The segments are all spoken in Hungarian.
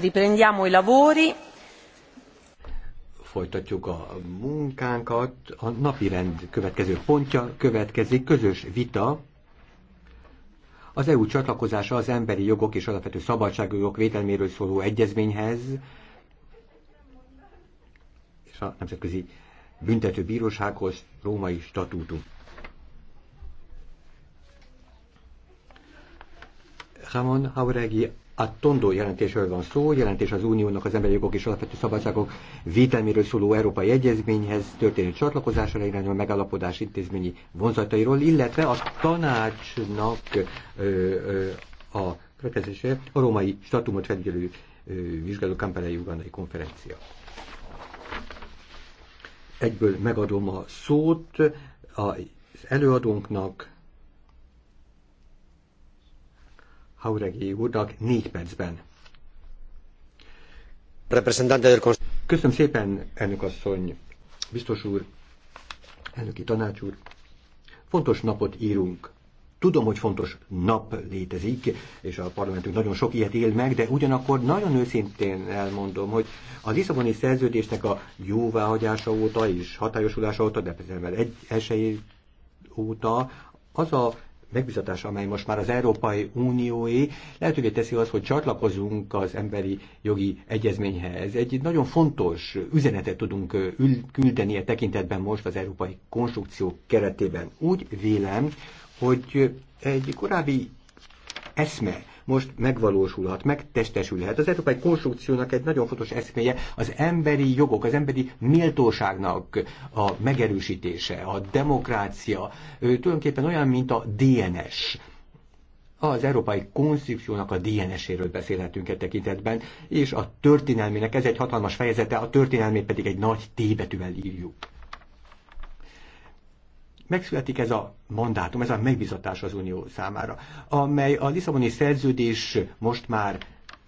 Riprendiamo i lavori. Folytatjuk a munkánkat. A napi rend következő pontja következik közös vita az EU csatlakozása az emberi jogok és alapvető szabadságjogok védelméről szóló egyezményhez és a Nemzetközi Büntető Bírósághoz római statútum. Ramon Hauregi a Tondó jelentésről van szó, jelentés az Uniónak az emberi jogok és alapvető szabadságok védelméről szóló Európai Egyezményhez történő csatlakozásra irányuló megállapodás intézményi vonzatairól, illetve a tanácsnak a következésre a római statumot felügyelő vizsgáló Kampelei Ugandai konferencia. Egyből megadom a szót az előadónknak, Hauregi úrnak négy percben. Köszönöm szépen, elnök asszony, biztos úr, elnöki tanács úr. Fontos napot írunk. Tudom, hogy fontos nap létezik, és a parlamentünk nagyon sok ilyet él meg, de ugyanakkor nagyon őszintén elmondom, hogy a Lisszaboni szerződésnek a jóváhagyása óta és hatályosulása óta, de például egy esély óta az a megbizatás, amely most már az Európai Unióé, lehetővé teszi az, hogy csatlakozunk az emberi jogi egyezményhez. Egy nagyon fontos üzenetet tudunk küldeni a e tekintetben most az európai konstrukció keretében. Úgy vélem, hogy egy korábbi eszme, most megvalósulhat, megtestesülhet. Az európai konstrukciónak egy nagyon fontos eszméje az emberi jogok, az emberi méltóságnak a megerősítése, a demokrácia, tulajdonképpen olyan, mint a DNS az európai konstrukciónak a DNS-éről beszélhetünk e tekintetben, és a történelmének ez egy hatalmas fejezete, a történelmét pedig egy nagy tébetűvel írjuk megszületik ez a mandátum, ez a megbizatás az Unió számára, amely a Lisszaboni szerződés most már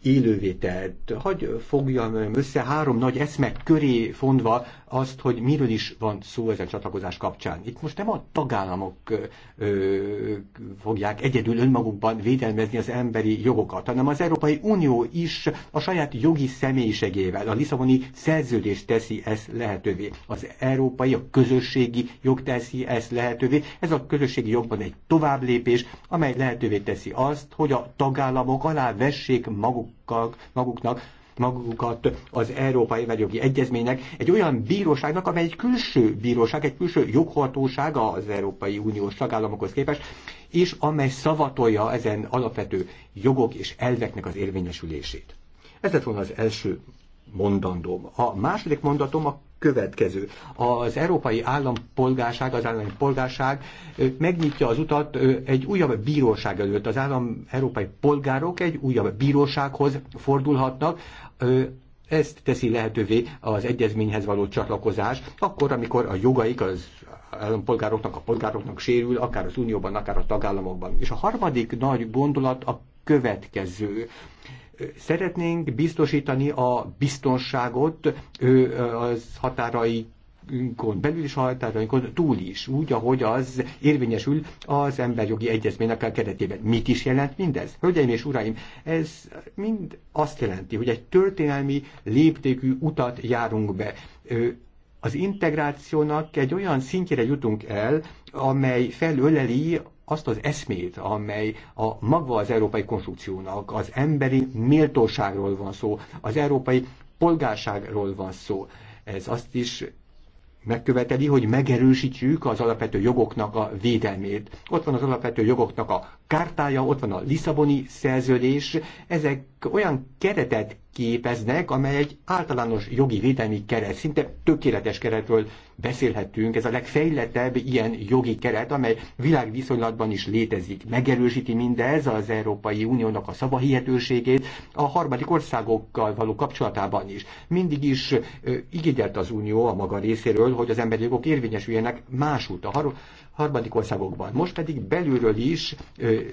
élővé telt. hogy fogjam össze három nagy eszmek köré fondva azt, hogy miről is van szó ezen csatlakozás kapcsán. Itt most nem a tagállamok ö, fogják egyedül önmagukban védelmezni az emberi jogokat, hanem az Európai Unió is a saját jogi személyiségével, a Lisszaboni szerződés teszi ezt lehetővé. Az európai, a közösségi jog teszi ezt lehetővé. Ez a közösségi jogban egy továbblépés, amely lehetővé teszi azt, hogy a tagállamok alá vessék maguk magukkal, maguknak magukat az Európai Emberjogi Egyezménynek, egy olyan bíróságnak, amely egy külső bíróság, egy külső joghatóság az Európai Uniós tagállamokhoz képest, és amely szavatolja ezen alapvető jogok és elveknek az érvényesülését. Ez lett volna az első mondandóm. A második mondatom a következő. Az európai állampolgárság, az állami polgárság megnyitja az utat egy újabb bíróság előtt. Az állam európai polgárok egy újabb bírósághoz fordulhatnak, ezt teszi lehetővé az egyezményhez való csatlakozás, akkor, amikor a jogaik az állampolgároknak, a polgároknak sérül, akár az unióban, akár a tagállamokban. És a harmadik nagy gondolat a következő szeretnénk biztosítani a biztonságot az határai határainkon belül és a határainkon túl is, úgy, ahogy az érvényesül az emberjogi egyezménynek a keretében. Mit is jelent mindez? Hölgyeim és uraim, ez mind azt jelenti, hogy egy történelmi léptékű utat járunk be. Az integrációnak egy olyan szintjére jutunk el, amely felöleli azt az eszmét, amely a maga az európai konstrukciónak, az emberi méltóságról van szó, az európai polgárságról van szó. Ez azt is megköveteli, hogy megerősítjük az alapvető jogoknak a védelmét. Ott van az alapvető jogoknak a kártája, ott van a Lisszaboni szerződés, ezek olyan keretet képeznek, amely egy általános jogi védelmi keret, szinte tökéletes keretről beszélhetünk. Ez a legfejlettebb ilyen jogi keret, amely világviszonylatban is létezik. Megerősíti mindez az Európai Uniónak a szavahihetőségét a harmadik országokkal való kapcsolatában is. Mindig is ö, igényelt az Unió a maga részéről, hogy az emberi jogok érvényesüljenek másút. A har- harmadik országokban. Most pedig belülről is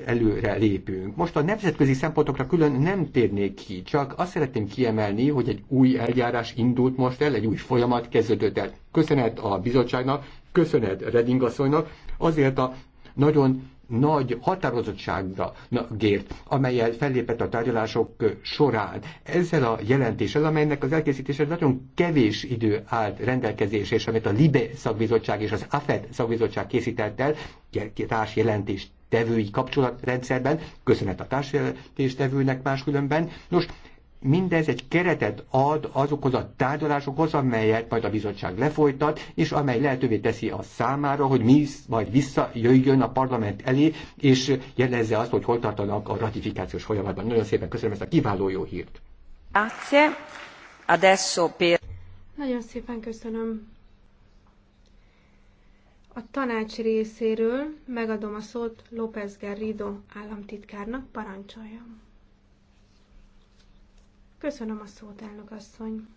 előre lépünk. Most a nemzetközi szempontokra külön nem térnék ki, csak azt szeretném kiemelni, hogy egy új eljárás indult most el, egy új folyamat kezdődött el. Köszönet a bizottságnak, köszönet Reding asszonynak, azért a nagyon nagy határozottságra gért, amelyel fellépett a tárgyalások során. Ezzel a jelentéssel, amelynek az elkészítése nagyon kevés idő állt rendelkezésre, és amit a LIBE szakbizottság és az AFED szakbizottság készített el, társ jelentést tevői kapcsolatrendszerben, köszönet a tevőnek máskülönben. Nos, mindez egy keretet ad azokhoz a tárgyalásokhoz, amelyet majd a bizottság lefolytat, és amely lehetővé teszi a számára, hogy mi majd visszajöjjön a parlament elé, és jelezze azt, hogy hol tartanak a ratifikációs folyamatban. Nagyon szépen köszönöm ezt a kiváló jó hírt. Nagyon szépen köszönöm. A tanács részéről megadom a szót López Garrido államtitkárnak, parancsoljam. Köszönöm a szót, elnök asszony.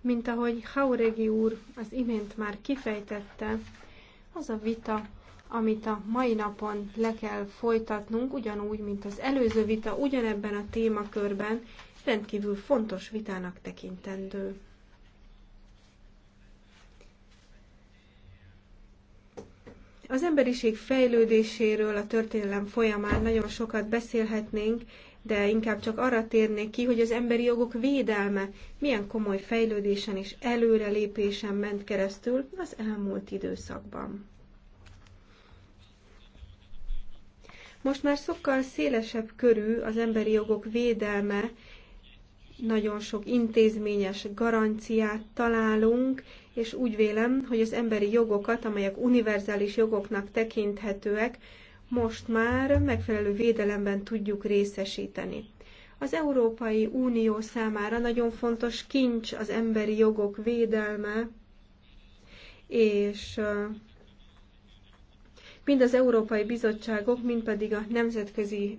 Mint ahogy Hauregi úr az imént már kifejtette, az a vita, amit a mai napon le kell folytatnunk, ugyanúgy, mint az előző vita, ugyanebben a témakörben, rendkívül fontos vitának tekintendő. Az emberiség fejlődéséről a történelem folyamán nagyon sokat beszélhetnénk, de inkább csak arra térnék ki, hogy az emberi jogok védelme milyen komoly fejlődésen és előrelépésen ment keresztül az elmúlt időszakban. Most már sokkal szélesebb körű az emberi jogok védelme, nagyon sok intézményes garanciát találunk, és úgy vélem, hogy az emberi jogokat, amelyek univerzális jogoknak tekinthetőek, most már megfelelő védelemben tudjuk részesíteni. Az Európai Unió számára nagyon fontos kincs az emberi jogok védelme, és mind az Európai Bizottságok, mind pedig a nemzetközi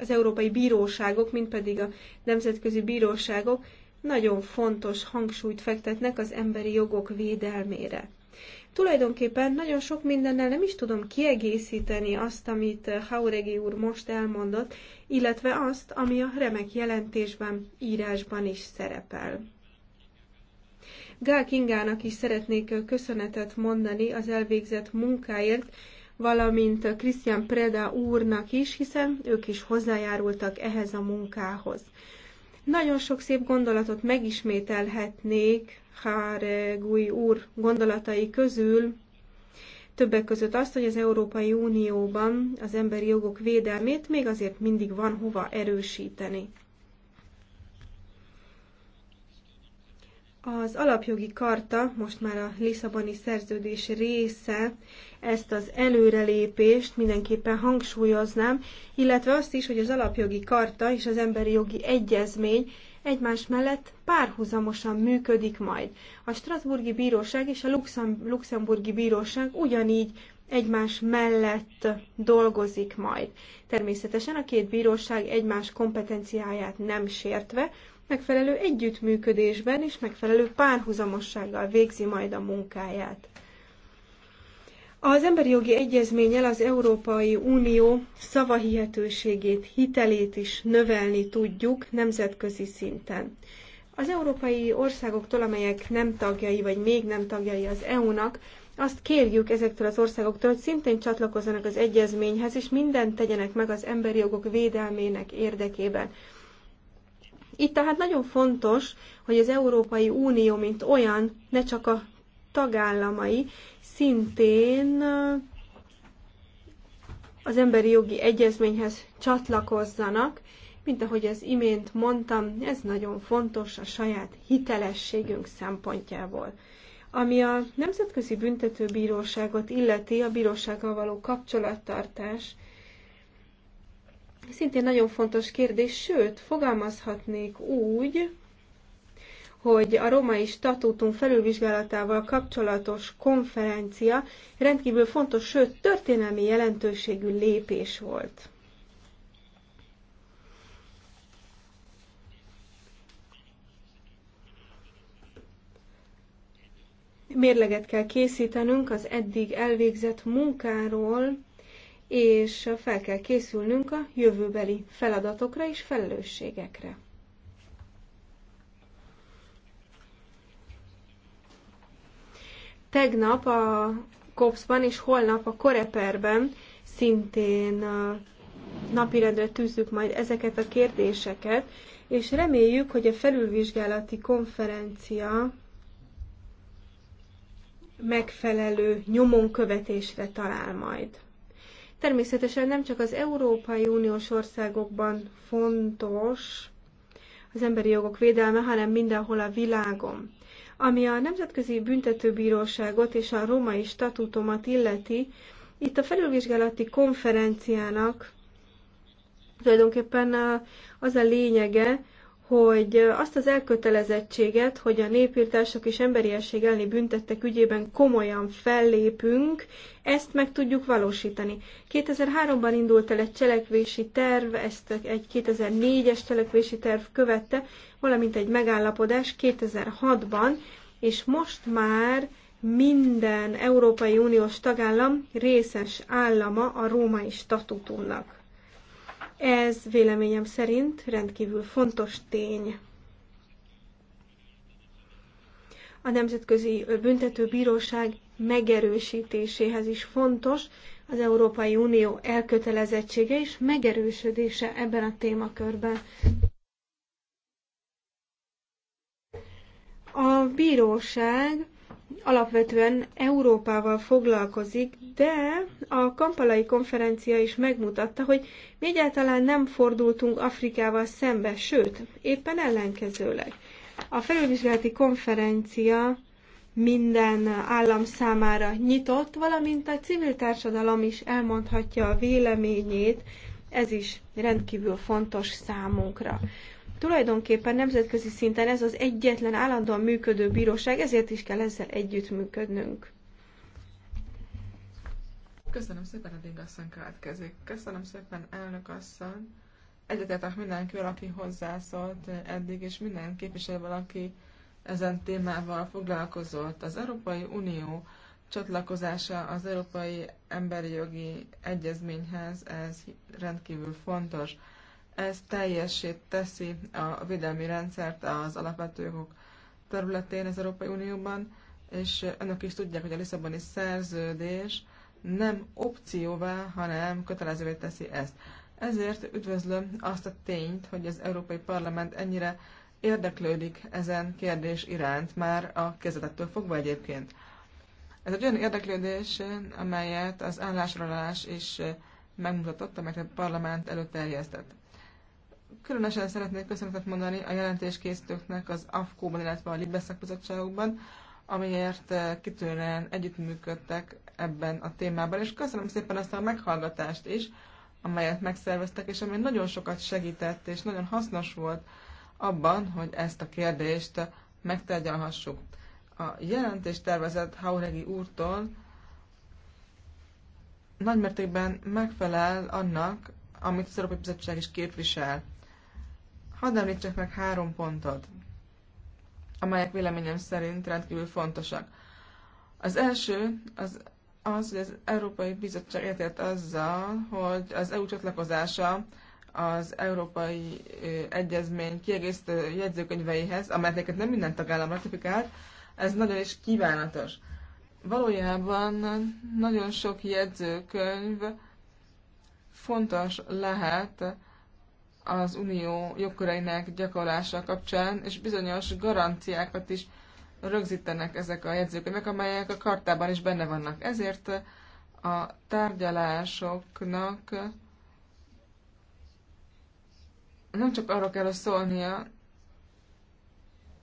az európai bíróságok, mint pedig a nemzetközi bíróságok nagyon fontos hangsúlyt fektetnek az emberi jogok védelmére. Tulajdonképpen nagyon sok mindennel nem is tudom kiegészíteni azt, amit Hauregi úr most elmondott, illetve azt, ami a remek jelentésben, írásban is szerepel. Gál Kingának is szeretnék köszönetet mondani az elvégzett munkáért, valamint Christian Preda úrnak is, hiszen ők is hozzájárultak ehhez a munkához. Nagyon sok szép gondolatot megismételhetnék Gui úr gondolatai közül, Többek között azt, hogy az Európai Unióban az emberi jogok védelmét még azért mindig van hova erősíteni. Az alapjogi karta, most már a Lisszaboni szerződés része, ezt az előrelépést mindenképpen hangsúlyoznám, illetve azt is, hogy az alapjogi karta és az emberi jogi egyezmény egymás mellett párhuzamosan működik majd. A Strasburgi Bíróság és a Luxemburgi Bíróság ugyanígy egymás mellett dolgozik majd. Természetesen a két bíróság egymás kompetenciáját nem sértve, megfelelő együttműködésben és megfelelő párhuzamossággal végzi majd a munkáját. Az emberi jogi egyezménnyel az Európai Unió szavahihetőségét, hitelét is növelni tudjuk nemzetközi szinten. Az európai országoktól, amelyek nem tagjai, vagy még nem tagjai az EU-nak, azt kérjük ezektől az országoktól, hogy szintén csatlakozzanak az egyezményhez, és mindent tegyenek meg az emberi jogok védelmének érdekében. Itt tehát nagyon fontos, hogy az Európai Unió, mint olyan, ne csak a tagállamai szintén az emberi jogi egyezményhez csatlakozzanak, mint ahogy az imént mondtam, ez nagyon fontos a saját hitelességünk szempontjából. Ami a Nemzetközi Büntetőbíróságot illeti, a bírósággal való kapcsolattartás szintén nagyon fontos kérdés, sőt, fogalmazhatnék úgy, hogy a római statútum felülvizsgálatával kapcsolatos konferencia rendkívül fontos, sőt, történelmi jelentőségű lépés volt. Mérleget kell készítenünk az eddig elvégzett munkáról, és fel kell készülnünk a jövőbeli feladatokra és felelősségekre. Tegnap a COPS-ban és holnap a Koreperben szintén napirendre tűzzük majd ezeket a kérdéseket, és reméljük, hogy a felülvizsgálati konferencia megfelelő nyomonkövetésre talál majd. Természetesen nem csak az Európai Uniós országokban fontos az emberi jogok védelme, hanem mindenhol a világon. Ami a Nemzetközi Büntetőbíróságot és a római statútomat illeti, itt a felülvizsgálati konferenciának tulajdonképpen az a lényege, hogy azt az elkötelezettséget, hogy a népírtások és emberiesség elleni büntettek ügyében komolyan fellépünk, ezt meg tudjuk valósítani. 2003-ban indult el egy cselekvési terv, ezt egy 2004-es cselekvési terv követte, valamint egy megállapodás 2006-ban, és most már minden Európai Uniós tagállam részes állama a római statutumnak. Ez véleményem szerint rendkívül fontos tény. A Nemzetközi Büntetőbíróság megerősítéséhez is fontos az Európai Unió elkötelezettsége és megerősödése ebben a témakörben. A bíróság alapvetően Európával foglalkozik, de a kampalai konferencia is megmutatta, hogy mi egyáltalán nem fordultunk Afrikával szembe, sőt, éppen ellenkezőleg. A felülvizsgálati konferencia minden állam számára nyitott, valamint a civil társadalom is elmondhatja a véleményét, ez is rendkívül fontos számunkra. Tulajdonképpen nemzetközi szinten ez az egyetlen állandóan működő bíróság, ezért is kell ezzel együttműködnünk. Köszönöm szépen, a asszony következik. Köszönöm szépen, elnök asszony. Egyetértek mindenkivel, aki hozzászólt eddig, és minden képviselő, aki ezen témával foglalkozott. Az Európai Unió csatlakozása az Európai Emberi Jogi Egyezményhez, ez rendkívül fontos. Ez teljesét teszi a védelmi rendszert az alapvető jogok területén az Európai Unióban, és önök is tudják, hogy a Lisszaboni szerződés nem opcióvá, hanem kötelezővé teszi ezt. Ezért üdvözlöm azt a tényt, hogy az Európai Parlament ennyire érdeklődik ezen kérdés iránt, már a kezdetettől fogva egyébként. Ez egy olyan érdeklődés, amelyet az állásralás is megmutatott, amelyet a parlament előterjesztett. Különösen szeretnék köszönetet mondani a jelentéskészítőknek az AFKO-ban, illetve a Libeszak bizottságokban, amiért eh, kitűnően együttműködtek ebben a témában, és köszönöm szépen azt a meghallgatást is, amelyet megszerveztek, és ami nagyon sokat segített, és nagyon hasznos volt abban, hogy ezt a kérdést megtárgyalhassuk. A jelentés Hauregi úrtól nagymértékben megfelel annak, amit az Európai Bizottság is képvisel. Hadd említsek meg három pontot, amelyek véleményem szerint rendkívül fontosak. Az első az, az hogy az Európai Bizottság értett azzal, hogy az EU csatlakozása az Európai Egyezmény kiegészítő jegyzőkönyveihez, amelyeket nem minden tagállam ratifikált, ez nagyon is kívánatos. Valójában nagyon sok jegyzőkönyv fontos lehet az unió jogköreinek gyakorlása kapcsán, és bizonyos garanciákat is rögzítenek ezek a jegyzőkönyvek, amelyek a kartában is benne vannak. Ezért a tárgyalásoknak nem csak arról kell szólnia,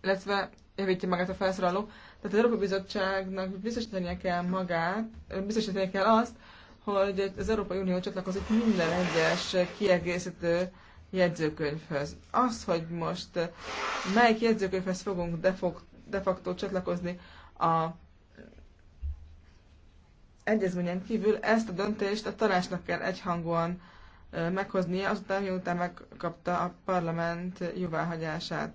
illetve javítja magát a felszólaló, tehát az Európai Bizottságnak biztosítania kell magát, biztosítania kell azt, hogy az Európai Unió csatlakozik minden egyes kiegészítő jegyzőkönyvhöz. Az, hogy most eh, melyik jegyzőkönyvhez fogunk de, fog, de facto csatlakozni a egyezményen kívül, ezt a döntést a tanácsnak kell egyhangúan eh, meghoznia, azután, miután megkapta a parlament jóváhagyását.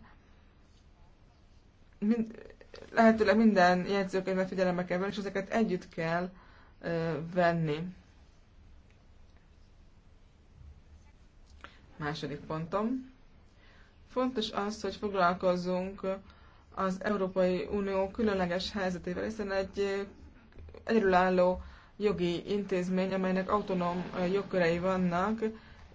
Mind, lehetőleg minden jegyzőkönyvet figyelembe kell venni, és ezeket együtt kell eh, venni. Második pontom. Fontos az, hogy foglalkozzunk az Európai Unió különleges helyzetével, hiszen egy eh, egyedülálló jogi intézmény, amelynek autonóm eh, jogkörei vannak,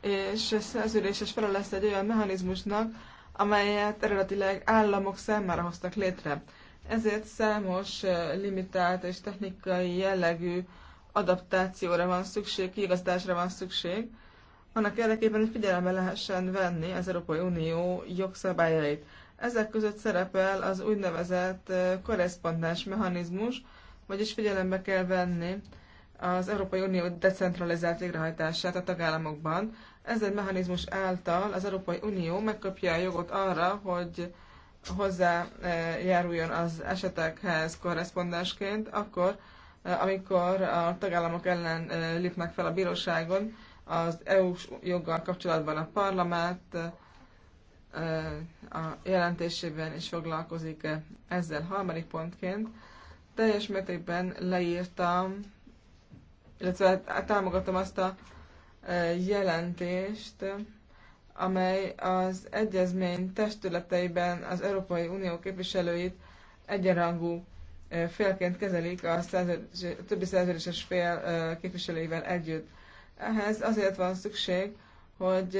és szerződéses fel lesz egy olyan mechanizmusnak, amelyet eredetileg államok számára hoztak létre. Ezért számos eh, limitált és technikai jellegű adaptációra van szükség, kiigazdásra van szükség, annak érdekében, hogy figyelembe lehessen venni az Európai Unió jogszabályait. Ezek között szerepel az úgynevezett korrespondens mechanizmus, vagyis figyelembe kell venni az Európai Unió decentralizált végrehajtását a tagállamokban. Ez egy mechanizmus által az Európai Unió megkapja a jogot arra, hogy hozzájáruljon az esetekhez korrespondásként, akkor, amikor a tagállamok ellen lépnek fel a bíróságon, az EU-s joggal kapcsolatban a parlament a jelentésében is foglalkozik ezzel harmadik pontként. Teljes mértékben leírtam, illetve támogatom azt a jelentést, amely az egyezmény testületeiben az Európai Unió képviselőit egyenrangú félként kezelik a, szerződés, a többi szerződéses fél képviselőivel együtt. Ehhez azért van szükség, hogy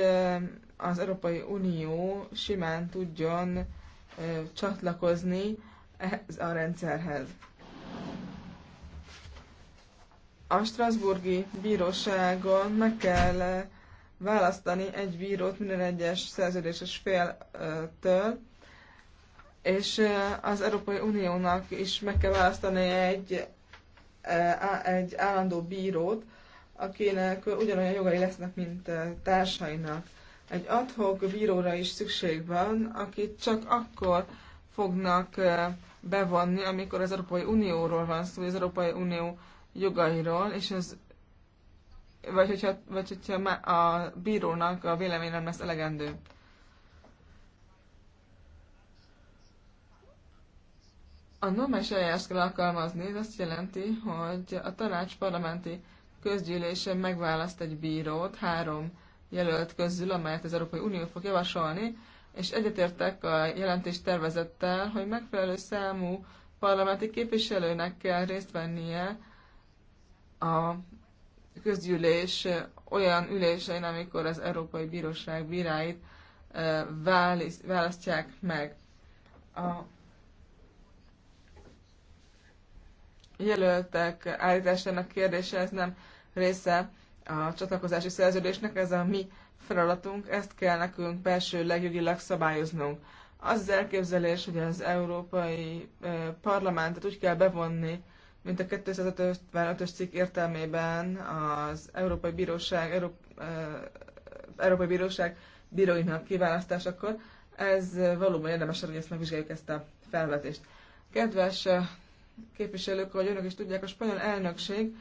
az Európai Unió simán tudjon csatlakozni ehhez a rendszerhez. A Strasburgi Bíróságon meg kell választani egy bírót minden egyes szerződéses féltől, és az Európai Uniónak is meg kell választani egy, egy állandó bírót, akinek ugyanolyan jogai lesznek, mint eh, társainak. Egy adhok bíróra is szükség van, akit csak akkor fognak eh, bevonni, amikor az Európai Unióról van szó, az Európai Unió jogairól, és az vagy hogyha, vagy hogyha a bírónak a vélemény nem lesz elegendő. A normális eljárást kell alkalmazni, ez azt jelenti, hogy a tanács parlamenti közgyűlésen megválaszt egy bírót három jelölt közül, amelyet az Európai Unió fog javasolni, és egyetértek a jelentés tervezettel, hogy megfelelő számú parlamenti képviselőnek kell részt vennie a közgyűlés olyan ülésein, amikor az Európai Bíróság bíráit választják meg. A jelöltek állításának kérdése ez nem része a csatlakozási szerződésnek, ez a mi feladatunk, ezt kell nekünk belső legjogilag szabályoznunk. Az az elképzelés, hogy az Európai Parlamentet úgy kell bevonni, mint a 255-ös cikk értelmében az Európai Bíróság, Európ, Európai Bíróság bíróinak kiválasztásakor, ez valóban érdemes, hogy ezt megvizsgáljuk ezt a felvetést. Kedves képviselők, ahogy önök is tudják, a spanyol elnökség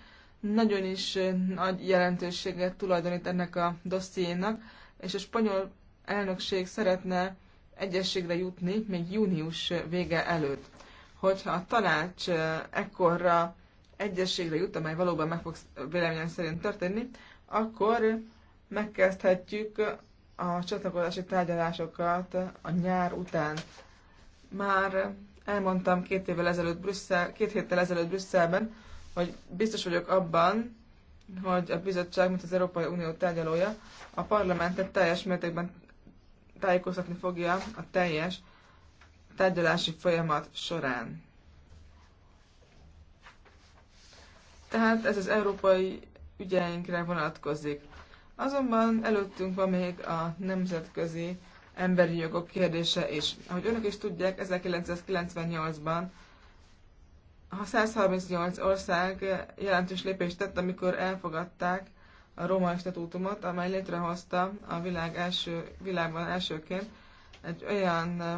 nagyon is nagy jelentőséget tulajdonít ennek a dossziénak, és a spanyol elnökség szeretne egyességre jutni még június vége előtt. Hogyha a tanács ekkorra egyességre jut, amely valóban meg fog véleményem szerint történni, akkor megkezdhetjük a csatlakozási tárgyalásokat a nyár után. Már elmondtam két évvel ezelőtt Brüsszel, két héttel ezelőtt Brüsszelben, hogy biztos vagyok abban, hogy a bizottság, mint az Európai Unió tárgyalója, a parlamentet teljes mértékben tájékoztatni fogja a teljes tárgyalási folyamat során. Tehát ez az európai ügyeinkre vonatkozik. Azonban előttünk van még a nemzetközi emberi jogok kérdése is. Ahogy önök is tudják, 1998-ban a 138 ország jelentős lépést tett, amikor elfogadták a római statútumot, amely létrehozta a világ első, világban elsőként egy olyan eh,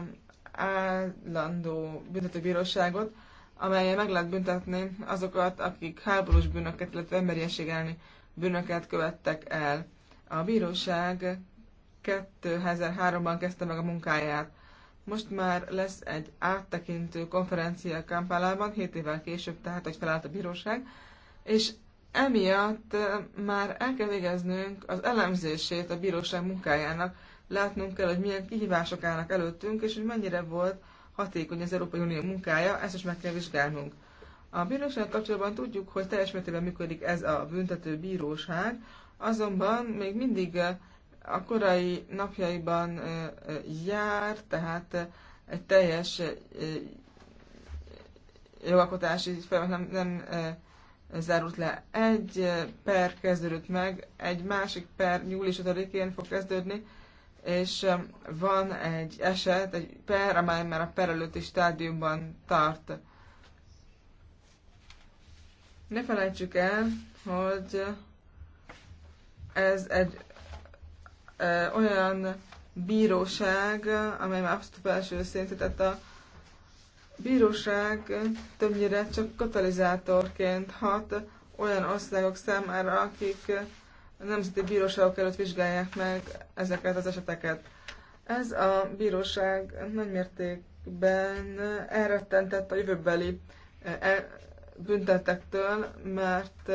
állandó büntetőbíróságot, amelyen meg lehet büntetni azokat, akik háborús bűnöket, illetve emberiesség elleni bűnöket követtek el. A bíróság 2003-ban kezdte meg a munkáját. Most már lesz egy áttekintő konferencia Kampálában, 7 évvel később, tehát, hogy felállt a bíróság, és emiatt már el kell végeznünk az elemzését a bíróság munkájának, látnunk kell, hogy milyen kihívások állnak előttünk, és hogy mennyire volt hatékony az Európai Unió munkája, ezt is meg kell vizsgálnunk. A bíróság kapcsolatban tudjuk, hogy teljes mértékben működik ez a büntető bíróság, azonban még mindig a korai napjaiban jár, tehát egy teljes jogalkotási folyamat nem, nem zárult le. Egy per kezdődött meg, egy másik per július 5-én fog kezdődni, és van egy eset, egy per, amely már a per előtti stádiumban tart. Ne felejtsük el, hogy ez egy olyan bíróság, amely már abszolút belső szint, tehát a bíróság többnyire csak katalizátorként hat olyan országok számára, akik nemzeti bíróságok előtt vizsgálják meg ezeket az eseteket. Ez a bíróság nagymértékben elrettentett a jövőbeli e, büntetektől, mert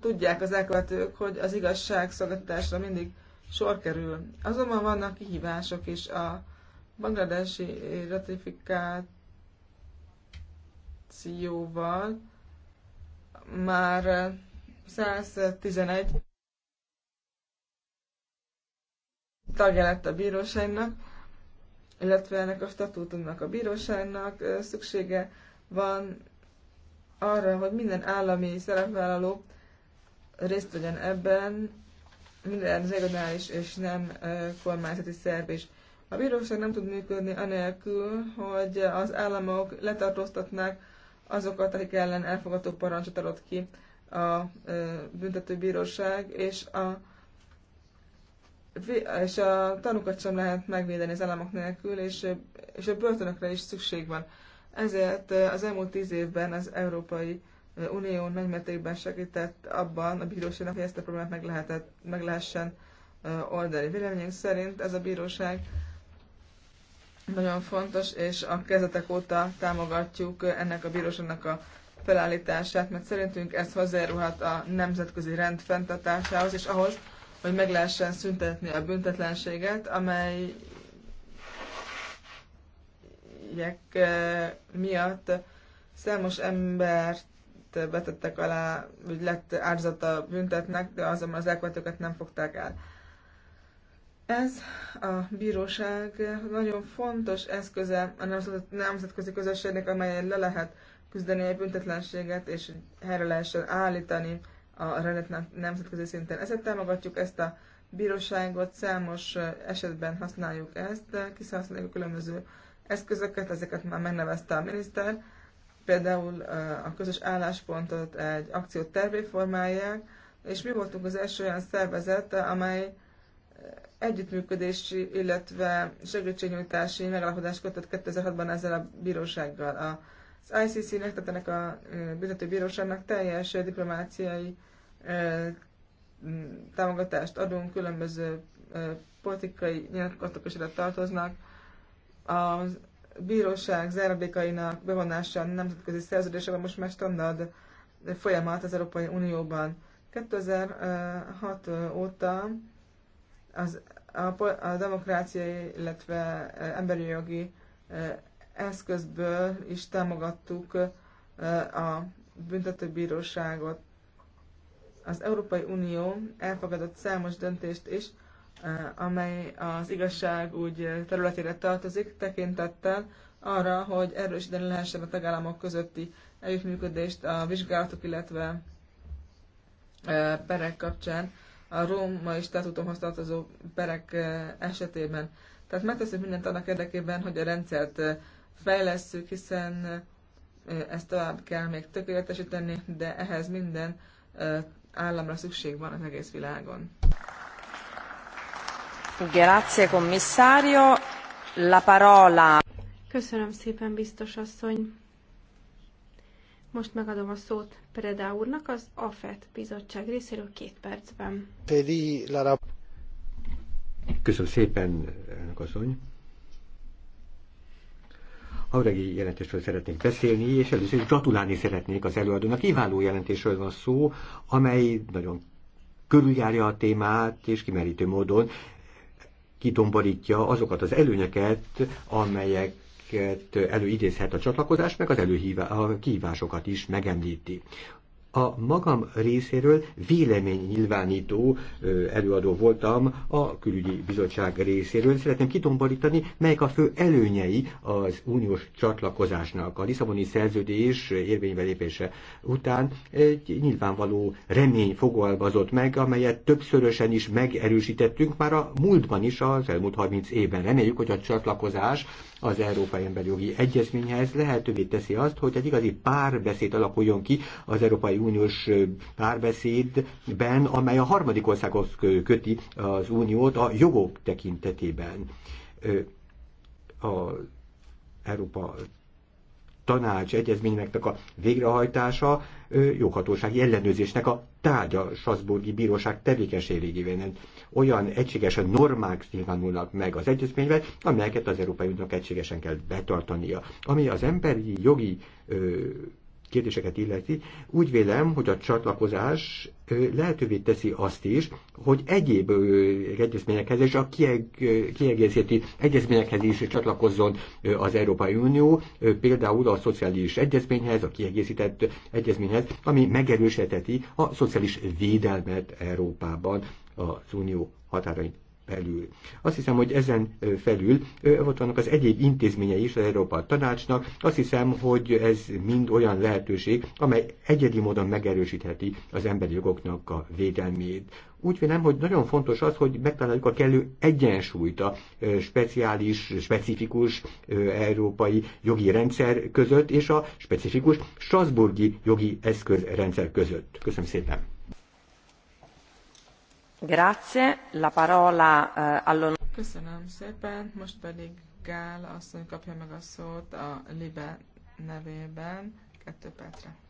tudják az elkövetők, hogy az igazságszolgáltatásra mindig sor kerül. Azonban vannak kihívások is. A bangladesi ratifikációval már 111 tagja lett a bíróságnak, illetve ennek a statútumnak a bíróságnak szüksége van arra, hogy minden állami szerepvállaló részt vegyen ebben, minden regionális és nem kormányzati szerv is. A bíróság nem tud működni anélkül, hogy az államok letartóztatnák azokat, akik ellen elfogadó parancsot adott ki a büntetőbíróság, és a, és a tanukat sem lehet megvédeni az államok nélkül, és, és a börtönökre is szükség van. Ezért az elmúlt tíz évben az Európai Unió mértékben segített abban a bíróságnak, hogy ezt a problémát meg, lehetett, meg lehessen oldani. Véleményünk szerint ez a bíróság nagyon fontos, és a kezdetek óta támogatjuk ennek a bíróságnak a felállítását, mert szerintünk ez hozzájárulhat a nemzetközi rend fenntartásához, és ahhoz, hogy meg lehessen szüntetni a büntetlenséget, amely miatt számos embert akiket betettek alá, vagy lett áldozata büntetnek, de azonban az elkövetőket nem fogták el. Ez a bíróság nagyon fontos eszköze a nemzetközi közösségnek, amelyen le lehet küzdeni a büntetlenséget, és helyre lehessen állítani a rendet nemzetközi szinten. Ezért támogatjuk ezt a bíróságot, számos esetben használjuk ezt, kiszállítjuk a különböző eszközöket, ezeket már megnevezte a miniszter, például a közös álláspontot egy akciót tervé formálják, és mi voltunk az első olyan szervezet, amely együttműködési, illetve segítségnyújtási megállapodást kötött 2006-ban ezzel a bírósággal. Az ICC-nek, tehát ennek a bíróságnak teljes diplomáciai támogatást adunk, különböző politikai nyilatkozatok is ide tartoznak. Az bíróság záradékainak bevonása a nemzetközi szerződésekben most már standard folyamat az Európai Unióban. 2006 óta az, a, a demokráciai, illetve e, emberi jogi e, eszközből is támogattuk e, a büntetőbíróságot. Az Európai Unió elfogadott számos döntést is, Eh, amely az igazság úgy eh, területére tartozik, tekintettel arra, hogy erősíteni lehessen a tagállamok közötti együttműködést a vizsgálatok, illetve eh, perek kapcsán a római statutumhoz tartozó perek esetében. Tehát megteszünk mindent annak érdekében, hogy a rendszert fejlesszük, hiszen ezt tovább kell még tökéletesíteni, de ehhez minden államra szükség van az egész világon. Grazie, commissario. La parola. Köszönöm szépen, biztos asszony. Most megadom a szót Preda úrnak az AFET bizottság részéről két percben. Köszönöm szépen, elnök asszony. Auregi jelentésről szeretnék beszélni, és először is gratulálni szeretnék az előadónak. Kiváló jelentésről van szó, amely nagyon körüljárja a témát, és kimerítő módon kitomborítja azokat az előnyeket, amelyek előidézhet a csatlakozás, meg az előhívásokat is megemlíti a magam részéről vélemény nyilvánító előadó voltam a külügyi bizottság részéről. Szeretném kitombolítani, melyek a fő előnyei az uniós csatlakozásnak. A Lisszaboni szerződés érvénybe lépése után egy nyilvánvaló remény fogalmazott meg, amelyet többszörösen is megerősítettünk már a múltban is, az elmúlt 30 évben. Reméljük, hogy a csatlakozás az Európai Emberi Jogi Egyezményhez lehetővé teszi azt, hogy egy igazi párbeszéd alakuljon ki az Európai Uniós párbeszédben, amely a harmadik országhoz köti az uniót a jogok tekintetében. A Európa tanács egyezményeknek a végrehajtása joghatósági ellenőrzésnek a tárgya Strasburgi Bíróság tevékenységében. Olyan egységesen normák nyilvánulnak meg az egyezményben, amelyeket az Európai Uniónak egységesen kell betartania. Ami az emberi jogi ö, kérdéseket illeti, úgy vélem, hogy a csatlakozás lehetővé teszi azt is, hogy egyéb egyezményekhez és a kiegészíti egyezményekhez is csatlakozzon az Európai Unió, például a szociális egyezményhez, a kiegészített egyezményhez, ami megerősíteti a szociális védelmet Európában az Unió határain felül. Azt hiszem, hogy ezen felül ott vannak az egyéb intézményei is az Európa Tanácsnak. Azt hiszem, hogy ez mind olyan lehetőség, amely egyedi módon megerősítheti az emberi jogoknak a védelmét. Úgy vélem, hogy nagyon fontos az, hogy megtaláljuk a kellő egyensúlyt a speciális, specifikus európai jogi rendszer között és a specifikus Strasburgi jogi eszközrendszer között. Köszönöm szépen! Eh, Köszönöm szépen. Most pedig Gál asszony kapja meg a szót a Libe nevében. Kettő percre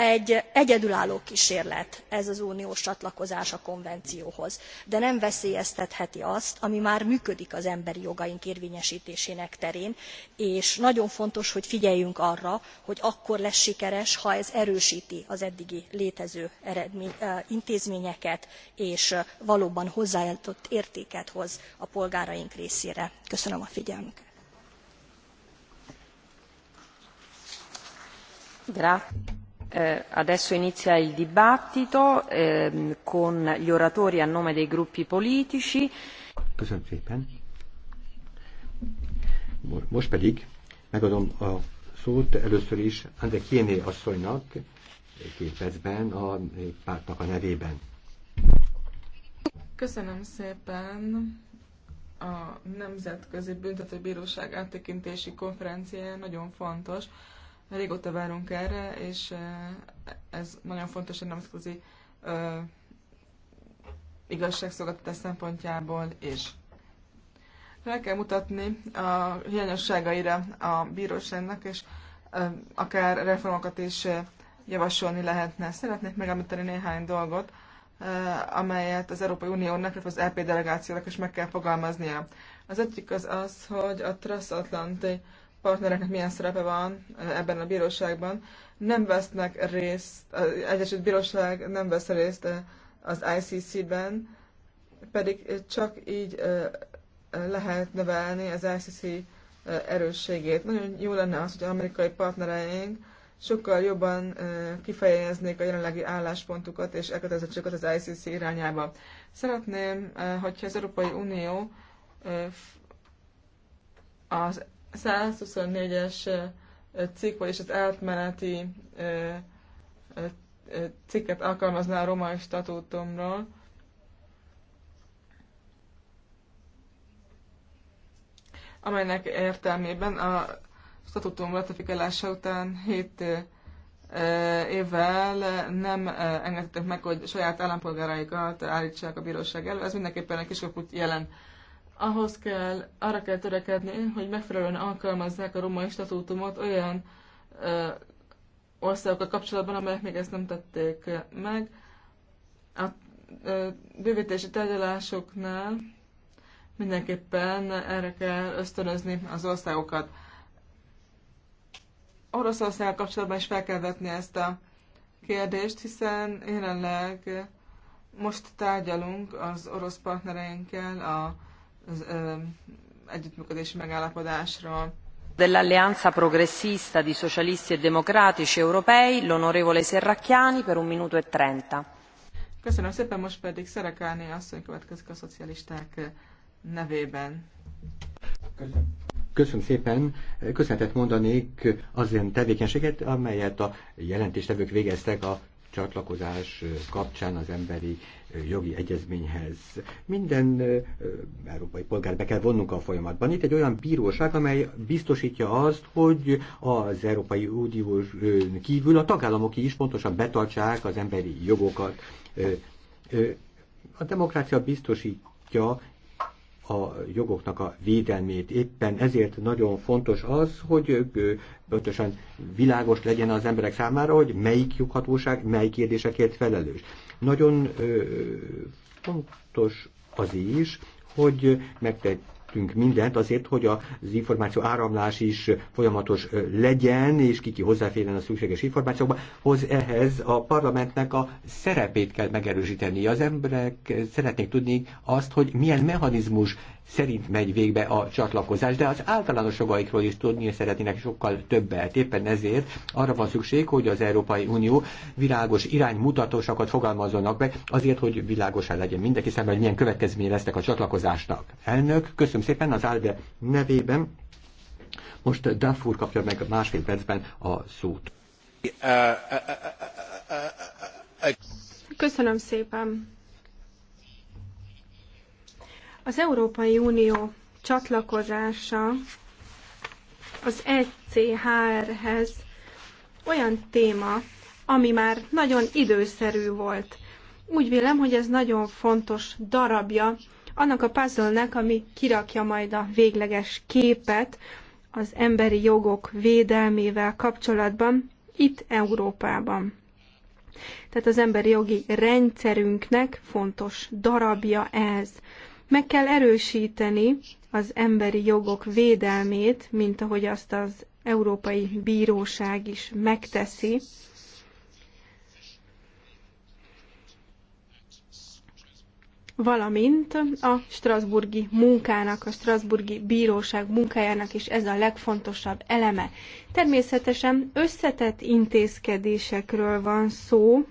egy egyedülálló ksérlet ez az uniós csatlakozás a konvencióhoz de nem veszélyeztetheti azt ami már működik az emberi jogaink érvényestésének terén és nagyon fontos hogy figyeljünk arra hogy akkor lesz sikeres ha ez erősti az eddigi létező intézményeket és valóban hozzáadott értéket hoz a polgáraink részére. köszönöm a figyelmüket. Eh, adesso inizia il dibattito ehm, con gli oratori a nome dei gruppi politici. Köszönöm szépen. Most pedig megadom a szót először is André Kéné asszonynak, két percben a pártnak a nevében. Köszönöm szépen a Nemzetközi Büntetőbíróság áttekintési konferenciája nagyon fontos, Régóta várunk erre, és ez nagyon fontos a nemzetközi igazságszolgáltatás szempontjából is. Fel kell mutatni a hiányosságaira a bíróságnak, és akár reformokat is javasolni lehetne. Szeretnék megemlíteni néhány dolgot, amelyet az Európai Uniónak, illetve az EP delegációnak is meg kell fogalmaznia. Az egyik az az, hogy a transatlanti partnereknek milyen szerepe van eh, ebben a bíróságban. Nem vesznek részt, az eh, Egyesült Bíróság nem vesz részt eh, az ICC-ben, pedig csak így lehet növelni az ICC erősségét. Nagyon jó lenne az, hogy amerikai partnereink sokkal jobban kifejeznék a jelenlegi álláspontukat és elkötelezettségüket az ICC irányába. Szeretném, hogyha az Európai Unió az 124-es cikk, vagyis az átmeneti cikket alkalmazná a romai statútumról. amelynek értelmében a statutum ratifikálása után 7 évvel nem engedtek meg, hogy saját állampolgáraikat állítsák a bíróság elő. Ez mindenképpen egy kiskaput jelent ahhoz kell, arra kell törekedni, hogy megfelelően alkalmazzák a római statútumot olyan ö, országokkal kapcsolatban, amelyek még ezt nem tették meg. A ö, bővítési tárgyalásoknál mindenképpen erre kell ösztönözni az országokat. Oroszország kapcsolatban is fel kell vetni ezt a kérdést, hiszen jelenleg most tárgyalunk az orosz partnereinkkel a együttműködési megállapodásra. Dell'Alleanza Progressista di Socialisti e Democratici Europei, l'onorevole Serracchiani per un minuto e trenta. Köszönöm szépen, most pedig Szerekáni asszony következik a szocialisták nevében. Köszönöm. Köszönöm szépen, köszönetet mondanék az ilyen tevékenységet, amelyet a jelentéstevők végeztek a csatlakozás kapcsán az emberi jogi egyezményhez. Minden európai polgár be kell vonnunk a folyamatban. Itt egy olyan bíróság, amely biztosítja azt, hogy az Európai Unió kívül a tagállamok is pontosan betartsák az emberi jogokat. A demokrácia biztosítja a jogoknak a védelmét. Éppen ezért nagyon fontos az, hogy pontosan világos legyen az emberek számára, hogy melyik joghatóság mely kérdésekért felelős. Nagyon fontos az is, hogy megtett mindent azért, hogy az információ áramlás is folyamatos legyen, és kiki hozzáférjen a szükséges információkba, hoz ehhez a parlamentnek a szerepét kell megerősíteni. Az emberek szeretnék tudni azt, hogy milyen mechanizmus szerint megy végbe a csatlakozás, de az általános jogaikról is tudni szeretnének sokkal többet. Éppen ezért arra van szükség, hogy az Európai Unió világos iránymutatósakat fogalmazzanak be, azért, hogy világosá legyen mindenki számára, hogy milyen következménye lesznek a csatlakozásnak. Elnök, köszönöm szépen az ALDE nevében. Most Dafur kapja meg másfél percben a szót. Köszönöm szépen. Az Európai Unió csatlakozása az ECHR-hez olyan téma, ami már nagyon időszerű volt. Úgy vélem, hogy ez nagyon fontos darabja annak a puzzle ami kirakja majd a végleges képet az emberi jogok védelmével kapcsolatban itt Európában. Tehát az emberi jogi rendszerünknek fontos darabja ez. Meg kell erősíteni az emberi jogok védelmét, mint ahogy azt az Európai Bíróság is megteszi. valamint a Strasburgi munkának, a Strasburgi Bíróság munkájának is ez a legfontosabb eleme. Természetesen összetett intézkedésekről van szó,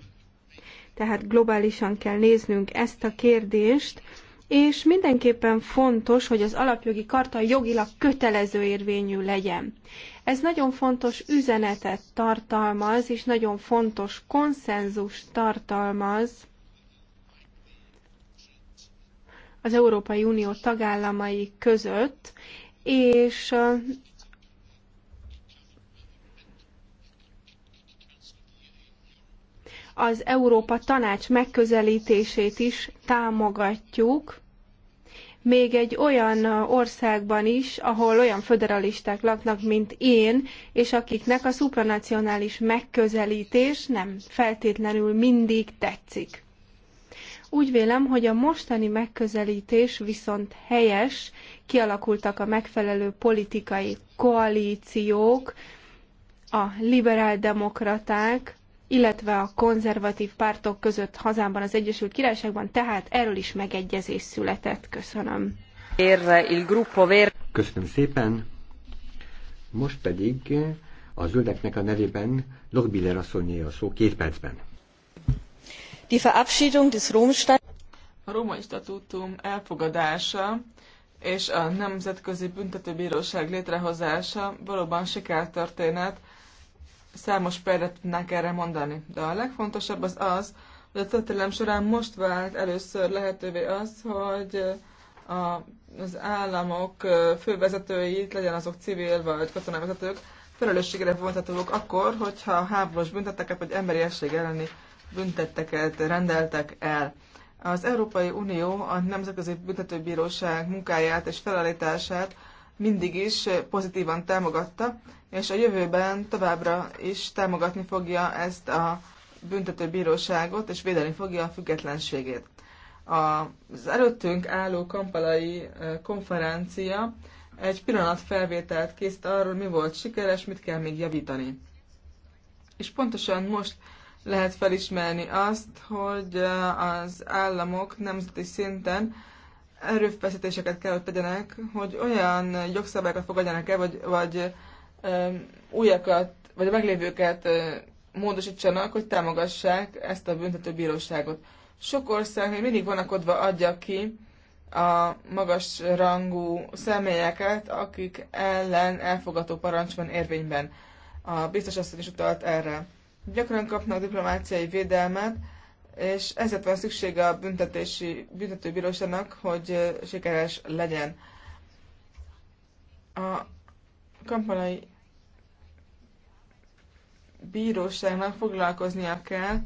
tehát globálisan kell néznünk ezt a kérdést, és mindenképpen fontos, hogy az alapjogi karta jogilag kötelező érvényű legyen. Ez nagyon fontos üzenetet tartalmaz, és nagyon fontos konszenzus tartalmaz az Európai Unió tagállamai között, és az Európa Tanács megközelítését is támogatjuk, még egy olyan országban is, ahol olyan föderalisták laknak, mint én, és akiknek a szupranacionális megközelítés nem feltétlenül mindig tetszik. Úgy vélem, hogy a mostani megközelítés viszont helyes, kialakultak a megfelelő politikai koalíciók, a liberáldemokraták illetve a konzervatív pártok között hazámban, az Egyesült Királyságban, tehát erről is megegyezés született. Köszönöm. Köszönöm szépen. Most pedig a zöldeknek a nevében Logbiller asszonyé a szó két percben. Die Verabschiedung des Romstat a római statútum elfogadása és a Nemzetközi Büntetőbíróság létrehozása valóban sikertörténet Számos példát tudnák erre mondani, de a legfontosabb az az, hogy a történelem során most vált először lehetővé az, hogy a, az államok fővezetői, legyen azok civil vagy katonai vezetők, felelősségre vonhatók akkor, hogyha háborús bünteteket vagy emberiesség elleni bünteteket rendeltek el. Az Európai Unió a Nemzetközi Büntetőbíróság munkáját és felállítását mindig is pozitívan támogatta, és a jövőben továbbra is támogatni fogja ezt a büntető bíróságot, és védeni fogja a függetlenségét. Az előttünk álló kampalai konferencia egy pillanat felvételt készít arról, mi volt sikeres, mit kell még javítani. És pontosan most lehet felismerni azt, hogy az államok nemzeti szinten erőfeszítéseket kell, hogy tegyenek, hogy olyan jogszabályokat fogadjanak el, vagy, vagy ö, újakat, vagy a meglévőket ö, módosítsanak, hogy támogassák ezt a büntető bíróságot. Sok ország még mindig vonakodva adja ki a magas rangú személyeket, akik ellen elfogadó parancs van érvényben. A biztos asszony is utalt erre. Gyakran kapnak diplomáciai védelmet, és ezért van szüksége a büntetési, büntetőbíróságnak, hogy sikeres legyen. A kampalai bíróságnak foglalkoznia kell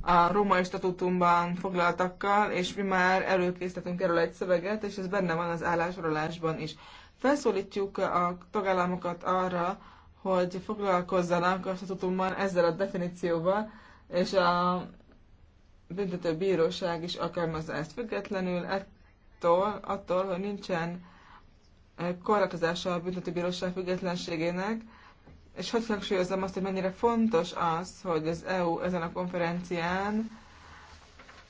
a római statutumban foglaltakkal, és mi már előkészítettünk erről egy szöveget, és ez benne van az állásorolásban is. Felszólítjuk a tagállamokat arra, hogy foglalkozzanak a statutumban ezzel a definícióval, és a büntető bíróság is alkalmazza ezt függetlenül attól, attól, hogy nincsen eh, korlátozása a büntető bíróság függetlenségének, és hogy hangsúlyozom azt, hogy mennyire fontos az, hogy az EU ezen a konferencián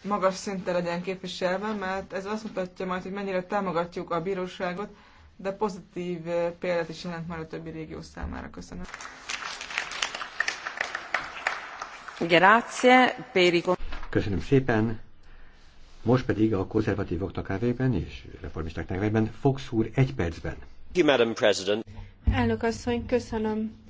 magas szinten legyen képviselve, mert ez azt mutatja majd, hogy mennyire támogatjuk a bíróságot, de pozitív eh, példát is jelent már a többi régió számára. Köszönöm. Köszönöm szépen. Most pedig a konzervatívoknak nevében és reformisták nevében Fox úr egy percben. Elnök asszony, köszönöm.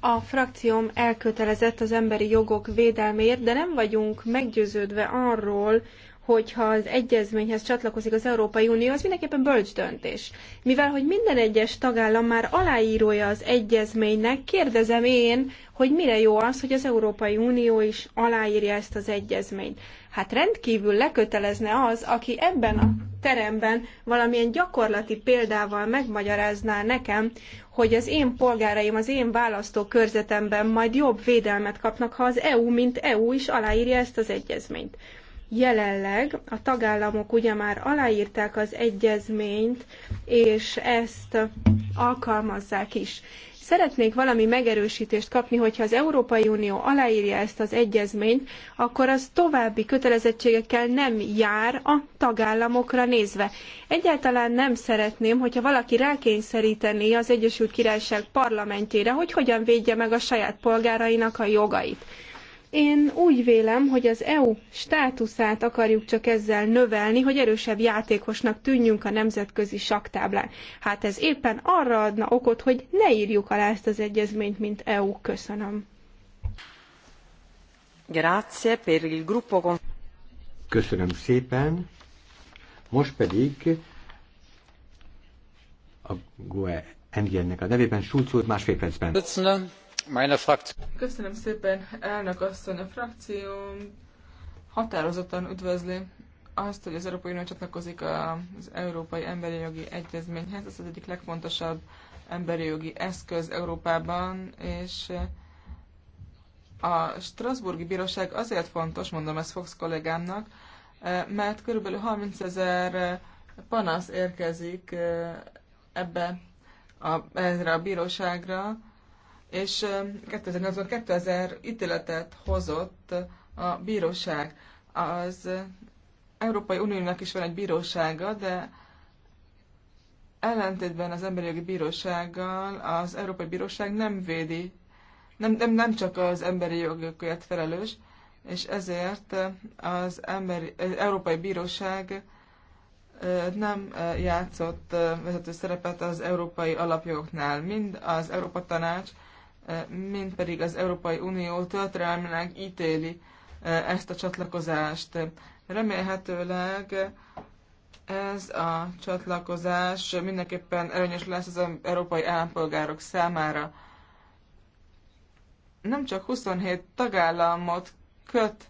A frakcióm elkötelezett az emberi jogok védelméért, de nem vagyunk meggyőződve arról, hogyha az egyezményhez csatlakozik az Európai Unió, az mindenképpen bölcs döntés. Mivel, hogy minden egyes tagállam már aláírója az egyezménynek, kérdezem én, hogy mire jó az, hogy az Európai Unió is aláírja ezt az egyezményt. Hát rendkívül lekötelezne az, aki ebben a teremben valamilyen gyakorlati példával megmagyarázná nekem, hogy az én polgáraim az én választókörzetemben majd jobb védelmet kapnak, ha az EU, mint EU is aláírja ezt az egyezményt. Jelenleg a tagállamok ugye már aláírták az egyezményt, és ezt alkalmazzák is. Szeretnék valami megerősítést kapni, hogyha az Európai Unió aláírja ezt az egyezményt, akkor az további kötelezettségekkel nem jár a tagállamokra nézve. Egyáltalán nem szeretném, hogyha valaki rákényszerítené az Egyesült Királyság parlamentjére, hogy hogyan védje meg a saját polgárainak a jogait. Én úgy vélem, hogy az EU státuszát akarjuk csak ezzel növelni, hogy erősebb játékosnak tűnjünk a nemzetközi saktáblán. Hát ez éppen arra adna okot, hogy ne írjuk alá ezt az egyezményt, mint EU. Köszönöm. Grazie per il gruppo... con. Köszönöm szépen. Most pedig a GUE NGL-nek a nevében Schulz úr másfél percben. Köszönöm. Meine Köszönöm szépen, elnök asszony. A frakcióm határozottan üdvözli azt, hogy az Európai Unió csatlakozik az Európai Emberi Jogi Egyezményhez. Ez az egyik legfontosabb emberi jogi eszköz Európában, és a Strasburgi Bíróság azért fontos, mondom ezt Fox kollégámnak, mert körülbelül 30 ezer panasz érkezik ebbe a, a bíróságra, és 2008-ban 2000 ítéletet hozott a bíróság. Az Európai Uniónak is van egy bírósága, de ellentétben az Emberi Jogi Bírósággal az Európai Bíróság nem védi, nem, nem, nem csak az emberi jogokért felelős, és ezért az, emberi, az Európai Bíróság nem játszott vezető szerepet az európai alapjogoknál. Mind az Európa Tanács, mint pedig az Európai Unió történelmileg ítéli e, ezt a csatlakozást. Remélhetőleg ez a csatlakozás mindenképpen erőnyös lesz az európai állampolgárok számára. Nem csak 27 tagállamot köt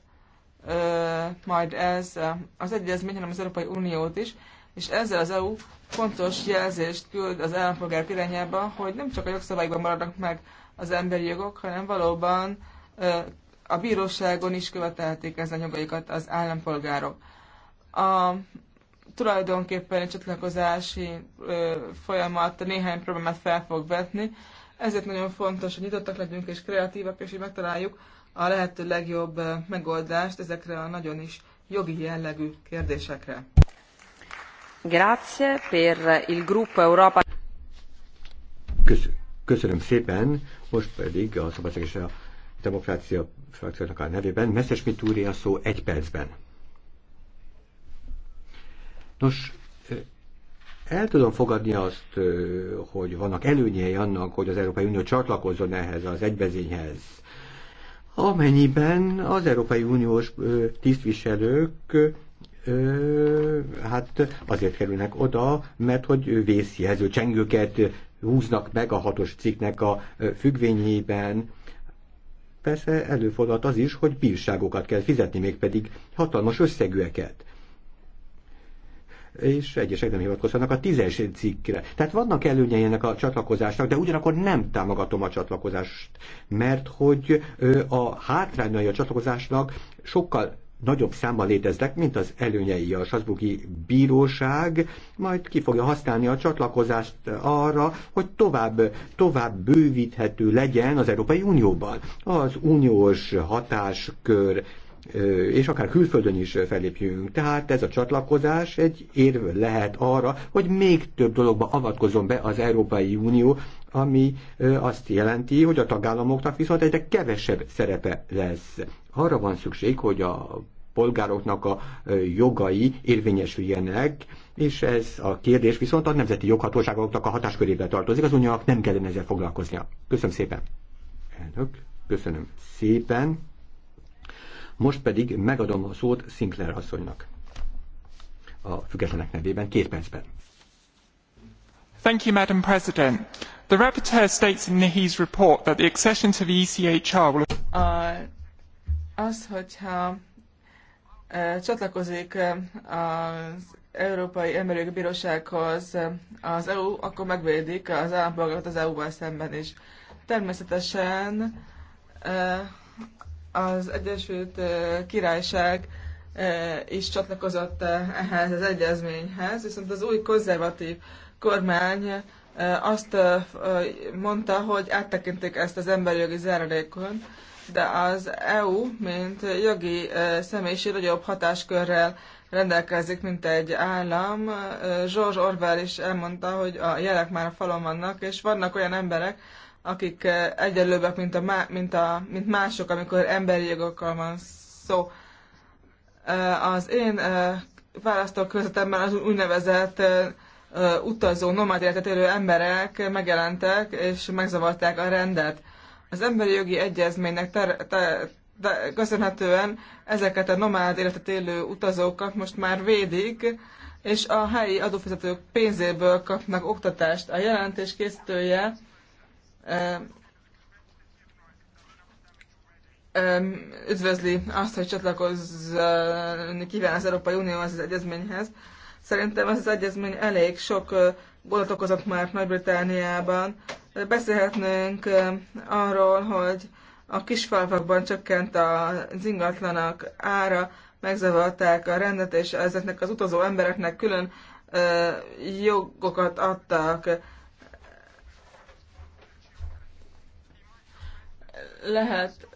ö, e, majd ez az egyezmény, hanem az Európai Uniót is, és ezzel az EU fontos jelzést küld az állampolgárok irányába, hogy nem csak a jogszabályban maradnak meg az emberi jogok, hanem valóban a bíróságon is követelték ezen jogaikat az állampolgárok. A tulajdonképpen egy csatlakozási folyamat néhány problémát fel fog vetni, ezért nagyon fontos, hogy nyitottak legyünk és kreatívak, és hogy megtaláljuk a lehető legjobb megoldást ezekre a nagyon is jogi jellegű kérdésekre. Grazie per il gruppo Europa. Köszönöm szépen most pedig a Szabadság és a Demokrácia frakciónak a nevében Messerschmitt úr a szó egy percben. Nos, el tudom fogadni azt, hogy vannak előnyei annak, hogy az Európai Unió csatlakozzon ehhez az egybezényhez, amennyiben az Európai Uniós tisztviselők hát azért kerülnek oda, mert hogy vészjelző csengőket húznak meg a hatos cikknek a függvényében. Persze előfordulhat az is, hogy bírságokat kell fizetni, mégpedig hatalmas összegűeket és egyesek nem hivatkoznak a tízes cikkre. Tehát vannak előnyei ennek a csatlakozásnak, de ugyanakkor nem támogatom a csatlakozást, mert hogy a hátrányai a csatlakozásnak sokkal nagyobb számban léteznek, mint az előnyei a Strasburgi Bíróság, majd ki fogja használni a csatlakozást arra, hogy tovább, tovább bővíthető legyen az Európai Unióban. Az uniós hatáskör és akár külföldön is fellépjünk. Tehát ez a csatlakozás egy érv lehet arra, hogy még több dologba avatkozom be az Európai Unió, ami azt jelenti, hogy a tagállamoknak viszont egyre kevesebb szerepe lesz. Arra van szükség, hogy a polgároknak a jogai érvényesüljenek, és ez a kérdés viszont a nemzeti joghatóságoknak a hatáskörébe tartozik, az uniónak nem kellene ezzel foglalkoznia. Köszönöm szépen. Elnök, köszönöm szépen. Most pedig megadom a szót Sinclair asszonynak a függetlenek nevében két percben. Thank you, Madam President. The rapporteur states in his report that the accession to the ECHR will... Uh, az, hogyha csatlakozik az Európai Emberi Bírósághoz az EU, akkor megvédik az állampolgárokat az EU-val szemben is. Természetesen az Egyesült Királyság is csatlakozott ehhez az egyezményhez, viszont az új konzervatív kormány azt mondta, hogy áttekintik ezt az emberi jogi záradékon, de az EU, mint jogi személyiség nagyobb hatáskörrel rendelkezik, mint egy állam. George Orwell is elmondta, hogy a jelek már a falon vannak, és vannak olyan emberek, akik egyenlőbbek, mint, a, mint, a, mint mások, amikor emberi jogokkal van szó. Az én választókörzetemben az úgynevezett utazó, nomád életet élő emberek megjelentek, és megzavarták a rendet. Az emberi jogi egyezménynek ter- ter- de köszönhetően ezeket a nomád életet élő utazókat most már védik, és a helyi adófizetők pénzéből kapnak oktatást. A jelentés készítője eh, eh, üdvözli azt, hogy csatlakozni kíván az Európai Unió az egyezményhez. Szerintem ez az egyezmény elég sok gondot okozott már Nagy-Britániában. Beszélhetnénk arról, hogy a kisfalvakban csökkent az ingatlanak ára, megzavarták a rendet, és ezeknek az utazó embereknek külön jogokat adtak. Lehet,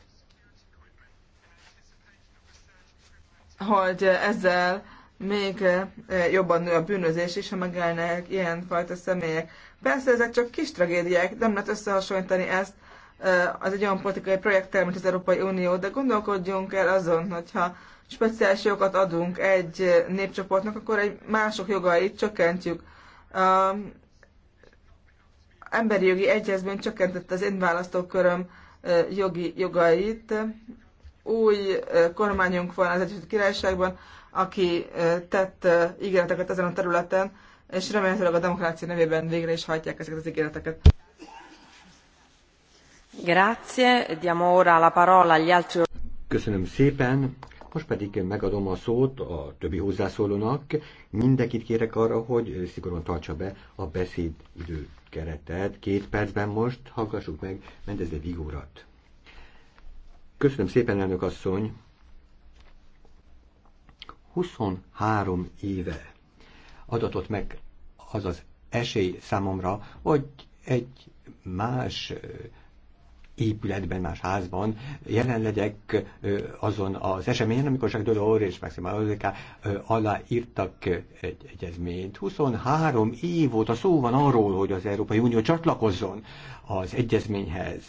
hogy ezzel még eh, eh, jobban nő a bűnözés is, ha megállnak ilyenfajta személyek. Persze ezek csak kis tragédiák, nem lehet összehasonlítani ezt eh, az egy olyan politikai projekttel, mint az Európai Unió, de gondolkodjunk el azon, hogyha speciális jogokat adunk egy népcsoportnak, akkor egy mások jogait csökkentjük. A emberi jogi egyezmény csökkentette az én választóköröm jogi jogait. Új kormányunk van az Egyesült Királyságban, aki tett ígéreteket ezen a területen, és remélhetőleg a demokrácia nevében végre is hajtják ezeket az ígéreteket. Grazie, diamo ora la parola agli altri... Köszönöm szépen. Most pedig megadom a szót a többi hozzászólónak. Mindenkit kérek arra, hogy szigorúan tartsa be a beszéd időkeretet. Két percben most hallgassuk meg Mendeze Vigórat. Köszönöm szépen, elnök asszony! 23 éve adatott meg az az esély számomra, hogy egy más épületben, más házban jelen legyek azon az eseményen, amikor Jacques Delors és Maxima alá aláírtak egy egyezményt. 23 év óta szó van arról, hogy az Európai Unió csatlakozzon az egyezményhez.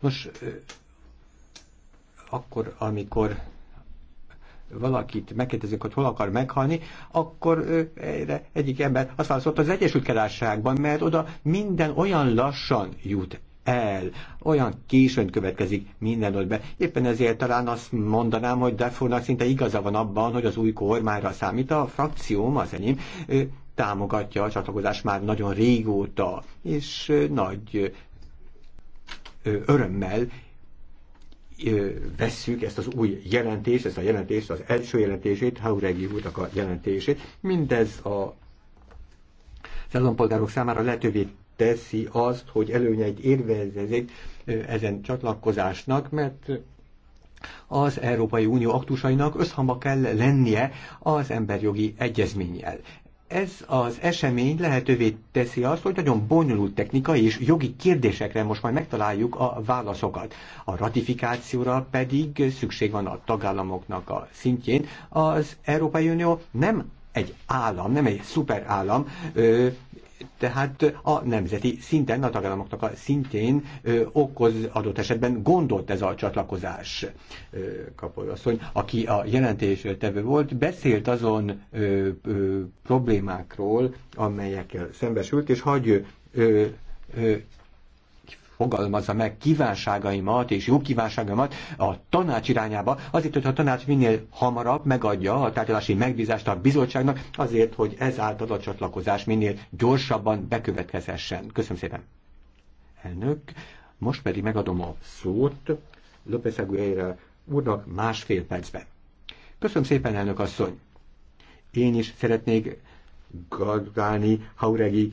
Nos, akkor, amikor valakit megkérdezik, hogy hol akar meghalni, akkor erre egyik ember azt válaszolta az Egyesült Királyságban, mert oda minden olyan lassan jut el, olyan későn következik minden ott be. Éppen ezért talán azt mondanám, hogy Defornak szinte igaza van abban, hogy az új kormányra számít a frakcióm, az enyém, támogatja a csatlakozás már nagyon régóta, és nagy örömmel vesszük ezt az új jelentést, ezt a jelentést, az első jelentését, Hauregi úrnak a jelentését. Mindez a az állampolgárok számára lehetővé teszi azt, hogy előnyeit érvezzék ezen csatlakozásnak, mert az Európai Unió aktusainak összhangba kell lennie az emberjogi egyezménnyel ez az esemény lehetővé teszi azt, hogy nagyon bonyolult technikai és jogi kérdésekre most majd megtaláljuk a válaszokat. A ratifikációra pedig szükség van a tagállamoknak a szintjén. Az Európai Unió nem egy állam, nem egy szuperállam, tehát a nemzeti szinten, a tagállamoknak a szintén ö, okoz adott esetben gondolt ez a csatlakozás. Kapolyasszony, aki a jelentés tevő volt, beszélt azon ö, ö, problémákról, amelyekkel szembesült, és hagy ö, ö, fogalmazza meg kívánságaimat és jó kívánságaimat a tanács irányába, azért, hogyha a tanács minél hamarabb megadja a tárgyalási megbízást a bizottságnak, azért, hogy ezáltal a csatlakozás minél gyorsabban bekövetkezhessen. Köszönöm szépen. Elnök, most pedig megadom a szót López Aguilera úrnak másfél percben. Köszönöm szépen, elnök asszony. Én is szeretnék gratulálni Hauregi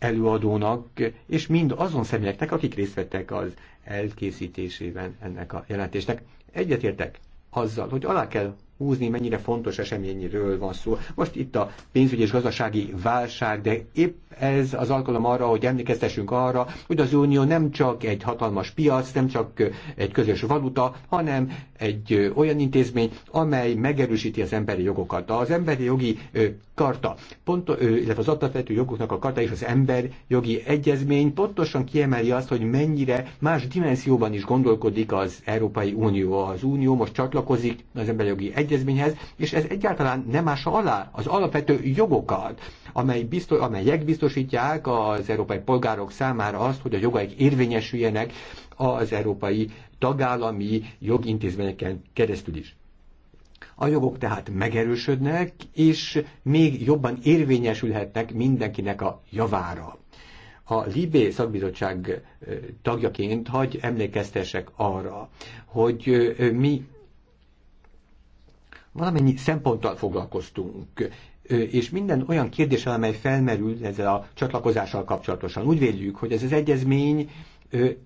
előadónak, és mind azon személyeknek, akik részt vettek az elkészítésében ennek a jelentésnek. Egyetértek azzal, hogy alá kell húzni, mennyire fontos eseményről van szó. Most itt a pénzügyi és gazdasági válság, de épp ez az alkalom arra, hogy emlékeztessünk arra, hogy az Unió nem csak egy hatalmas piac, nem csak egy közös valuta, hanem egy olyan intézmény, amely megerősíti az emberi jogokat. Az emberi jogi karta, pont, illetve az adatvető jogoknak a karta és az emberi jogi egyezmény pontosan kiemeli azt, hogy mennyire más dimenzióban is gondolkodik az Európai Unió. Az Unió most csatlakozik az emberi jogi egyezmény, egyezményhez, és ez egyáltalán nem ása alá az alapvető jogokat, amely biztos, amelyek biztosítják az európai polgárok számára azt, hogy a jogaik érvényesüljenek az európai tagállami jogintézményeken keresztül is. A jogok tehát megerősödnek, és még jobban érvényesülhetnek mindenkinek a javára. A Libé szakbizottság tagjaként hagy emlékeztesek arra, hogy mi valamennyi szemponttal foglalkoztunk, és minden olyan kérdés, amely felmerül ezzel a csatlakozással kapcsolatosan. Úgy véljük, hogy ez az egyezmény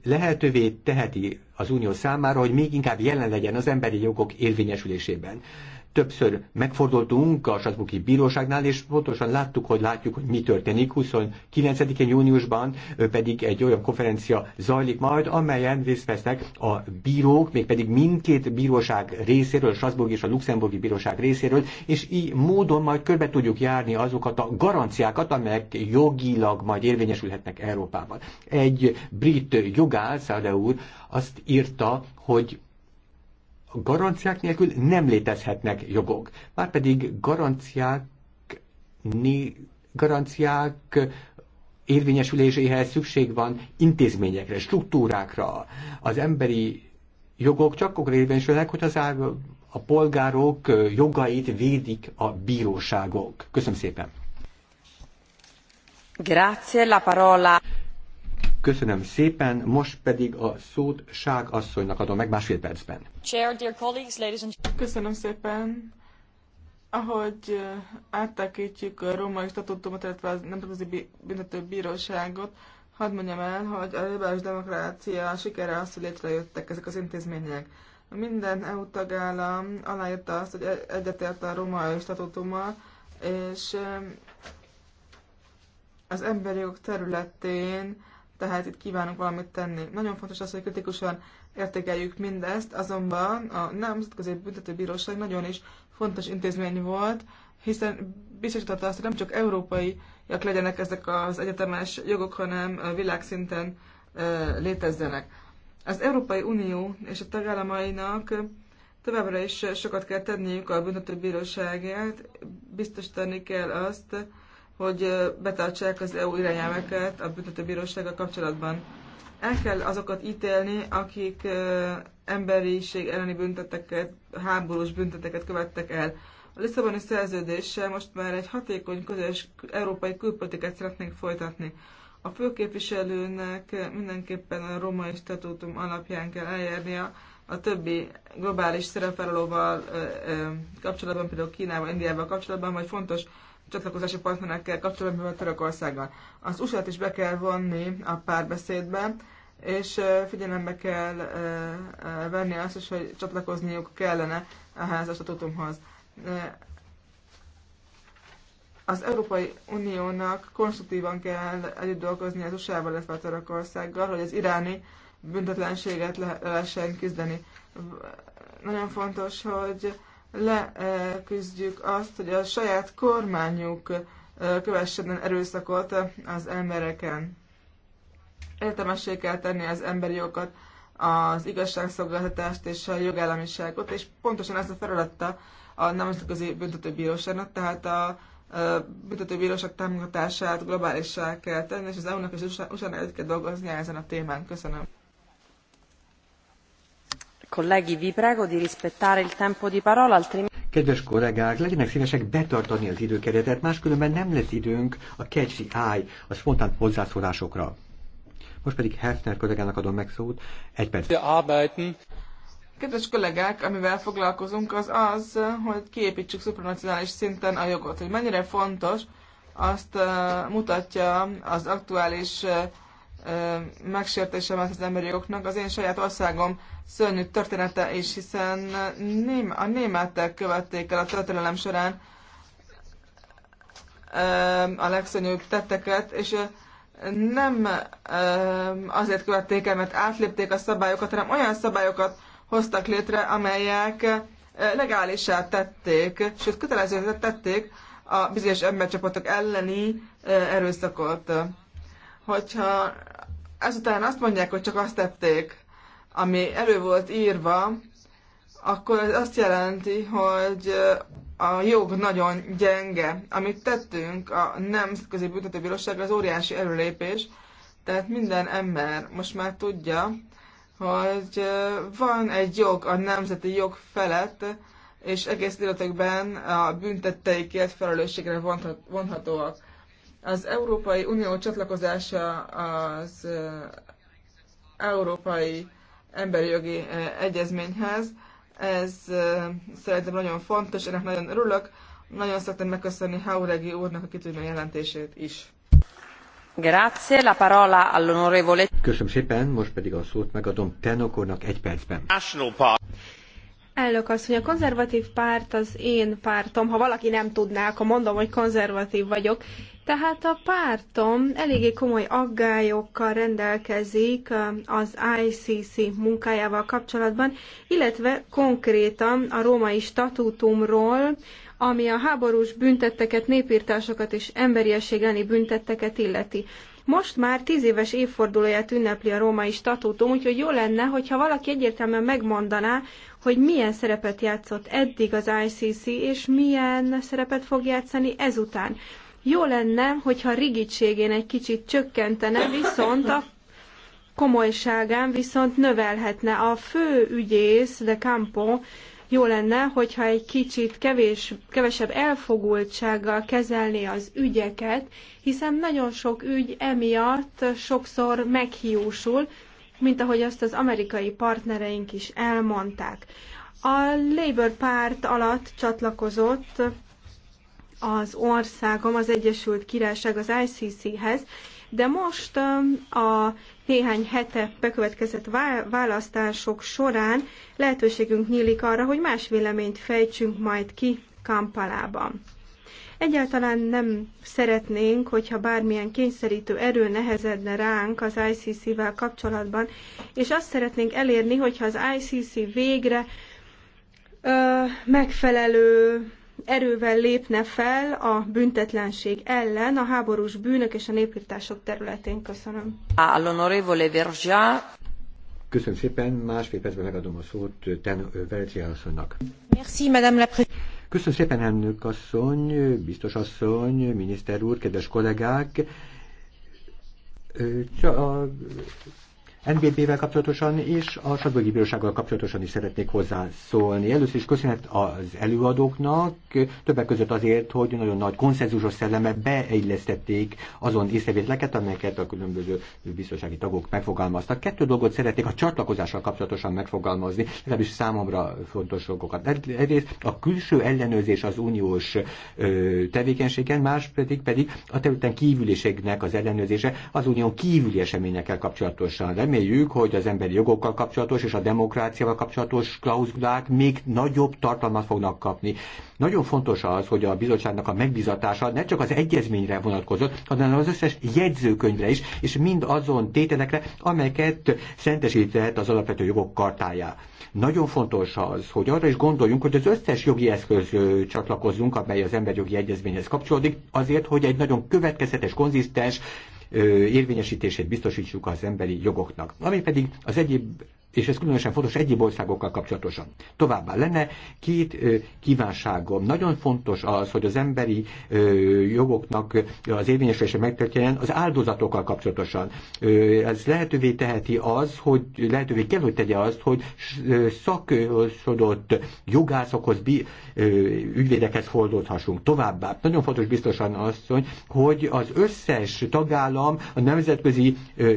lehetővé teheti az Unió számára, hogy még inkább jelen legyen az emberi jogok érvényesülésében többször megfordultunk a Strasburgi Bíróságnál, és pontosan láttuk, hogy látjuk, hogy mi történik. 29-én júniusban pedig egy olyan konferencia zajlik majd, amelyen részt vesznek a bírók, mégpedig mindkét bíróság részéről, a Strasbourg és a Luxemburgi Bíróság részéről, és így módon majd körbe tudjuk járni azokat a garanciákat, amelyek jogilag majd érvényesülhetnek Európában. Egy brit jogász, Szade úr, azt írta, hogy garanciák nélkül nem létezhetnek jogok. Márpedig garanciák, garanciák érvényesüléséhez szükség van intézményekre, struktúrákra. Az emberi jogok csak akkor érvényesülnek, hogy az a polgárok jogait védik a bíróságok. Köszönöm szépen! Grazie la parola. Köszönöm szépen, most pedig a szót Ság asszonynak adom meg másfél percben. Chair, dear colleagues, ladies and... Köszönöm szépen. Ahogy eh, áttekítjük a római statutumot, illetve a Nemzetközi Büntetőbíróságot, hadd mondjam el, hogy a liberális demokrácia sikere az, hogy létrejöttek ezek az intézmények. Minden EU tagállam aláírta azt, hogy e- egyetért a római statutummal, és eh, az emberi jogok területén tehát itt kívánunk valamit tenni. Nagyon fontos az, hogy kritikusan értékeljük mindezt, azonban a Nemzetközi Büntetőbíróság nagyon is fontos intézmény volt, hiszen biztosította azt, hogy nem csak európaiak legyenek ezek az egyetemes jogok, hanem világszinten létezzenek. Az Európai Unió és a tagállamainak továbbra is sokat kell tenniük a büntetőbíróságért, biztosítani kell azt, hogy betartsák az EU irányelveket a büntetőbírósággal kapcsolatban. El kell azokat ítélni, akik emberiség elleni bünteteket, háborús bünteteket követtek el. A Lisszaboni szerződéssel most már egy hatékony közös európai külpolitikát szeretnénk folytatni. A főképviselőnek mindenképpen a római statútum alapján kell eljárnia a többi globális szerepvállalóval kapcsolatban, például Kínával, Indiával kapcsolatban, vagy fontos csatlakozási partnerekkel kapcsolatban, a Törökországgal. Az usa is be kell vonni a párbeszédbe, és figyelembe kell venni azt is, hogy csatlakozniuk kellene ehhez a statutumhoz. Az Európai Uniónak konstruktívan kell együtt dolgozni az USA-val, illetve a Törökországgal, hogy az iráni büntetlenséget lehessen küzdeni. Nagyon fontos, hogy leküzdjük azt, hogy a saját kormányuk kövessen erőszakot az embereken. Értemessé kell tenni az emberi jogokat, az igazságszolgáltatást és a jogállamiságot, és pontosan ezt a feladata a Nemzetközi Büntetőbíróságnak, tehát a büntetőbíróság támogatását globálissá kell tenni, és az EU-nak és USA-nak kell dolgozni ezen a témán. Köszönöm. Kedves kollégák, legyenek szívesek betartani az időkeretet, máskülönben nem lesz időnk a catchy eye, a spontán hozzászólásokra. Most pedig Hefner kollégának adom meg szót. Egy perc. Kedves kollégák, amivel foglalkozunk, az az, hogy kiépítsük szupranacionális szinten a jogot. Hogy mennyire fontos, azt mutatja az aktuális megsértése van az emberi jogoknak. Az én saját országom szörnyű története is, hiszen a németek követték el a történelem során a legszörnyűbb tetteket, és nem azért követték el, mert átlépték a szabályokat, hanem olyan szabályokat hoztak létre, amelyek legálisá tették, sőt kötelezővé tették a bizonyos embercsapatok elleni erőszakot hogyha ezután azt mondják, hogy csak azt tették, ami elő volt írva, akkor ez azt jelenti, hogy a jog nagyon gyenge. Amit tettünk a Nemzetközi Büntetőbíróság, az óriási előlépés, tehát minden ember most már tudja, hogy van egy jog a nemzeti jog felett, és egész életekben a büntetteikért felelősségre vonhatóak. Az Európai Unió csatlakozása az Európai Emberi Jogi Egyezményhez, ez szerintem nagyon fontos, ennek nagyon örülök. Nagyon szeretném megköszönni Hauregi úrnak a kitűnő jelentését is. Grazie, la parola all'onorevole. Köszönöm szépen, most pedig a szót megadom Tenokornak egy percben. Elnök asszony, a konzervatív párt az én pártom. Ha valaki nem tudná, akkor mondom, hogy konzervatív vagyok. Tehát a pártom eléggé komoly aggályokkal rendelkezik az ICC munkájával kapcsolatban, illetve konkrétan a római statútumról, ami a háborús büntetteket, népírtásokat és emberiesség elleni büntetteket illeti. Most már tíz éves évfordulóját ünnepli a római statútum, úgyhogy jó lenne, hogyha valaki egyértelműen megmondaná, hogy milyen szerepet játszott eddig az ICC, és milyen szerepet fog játszani ezután. Jó lenne, hogyha rigidségén egy kicsit csökkentene, viszont a komolyságán viszont növelhetne. A fő ügyész de Campo jó lenne, hogyha egy kicsit kevés, kevesebb elfogultsággal kezelné az ügyeket, hiszen nagyon sok ügy emiatt sokszor meghiúsul, mint ahogy azt az amerikai partnereink is elmondták. A Labour párt alatt csatlakozott az országom, az Egyesült Királyság az ICC-hez, de most a néhány hete bekövetkezett választások során lehetőségünk nyílik arra, hogy más véleményt fejtsünk majd ki Kampalában. Egyáltalán nem szeretnénk, hogyha bármilyen kényszerítő erő nehezedne ránk az ICC-vel kapcsolatban, és azt szeretnénk elérni, hogyha az ICC végre ö, megfelelő erővel lépne fel a büntetlenség ellen a háborús bűnök és a népírtások területén. Köszönöm. Vergia. Köszönöm szépen, másfél percben megadom a szót Ten Vergia asszonynak. Merci, madame la Köszönöm szépen, elnök asszony, biztos asszony, miniszter úr, kedves kollégák. Csak a NBB-vel kapcsolatosan és a Sadbogi Bírósággal kapcsolatosan is szeretnék hozzászólni. Először is köszönet az előadóknak, többek között azért, hogy nagyon nagy konszenzusos szelleme beillesztették azon észrevételeket, amelyeket a különböző biztonsági tagok megfogalmaztak. Kettő dolgot szeretnék a csatlakozással kapcsolatosan megfogalmazni, legalábbis számomra fontos dolgokat. Egyrészt a külső ellenőrzés az uniós ö, tevékenységen, más pedig pedig a területen kívüliségnek az ellenőrzése az unión kívüli eseményekkel kapcsolatosan. Remélem, reméljük, hogy az emberi jogokkal kapcsolatos és a demokráciával kapcsolatos klauzulák még nagyobb tartalmat fognak kapni. Nagyon fontos az, hogy a bizottságnak a megbizatása ne csak az egyezményre vonatkozott, hanem az összes jegyzőkönyvre is, és mind azon tételekre, amelyeket szentesített az alapvető jogok kartájá. Nagyon fontos az, hogy arra is gondoljunk, hogy az összes jogi eszköz csatlakozzunk, amely az emberjogi egyezményhez kapcsolódik, azért, hogy egy nagyon következetes, konzisztens érvényesítését biztosítsuk az emberi jogoknak. Ami pedig az egyéb és ez különösen fontos egyéb országokkal kapcsolatosan. Továbbá lenne két kívánságom. Nagyon fontos az, hogy az emberi jogoknak az érvényesülése megtörténjen az áldozatokkal kapcsolatosan. Ez lehetővé teheti az, hogy lehetővé kell, hogy tegye azt, hogy szakosodott jogászokhoz, ügyvédekhez fordulhassunk. Továbbá nagyon fontos biztosan az, hogy az összes tagállam a nemzetközi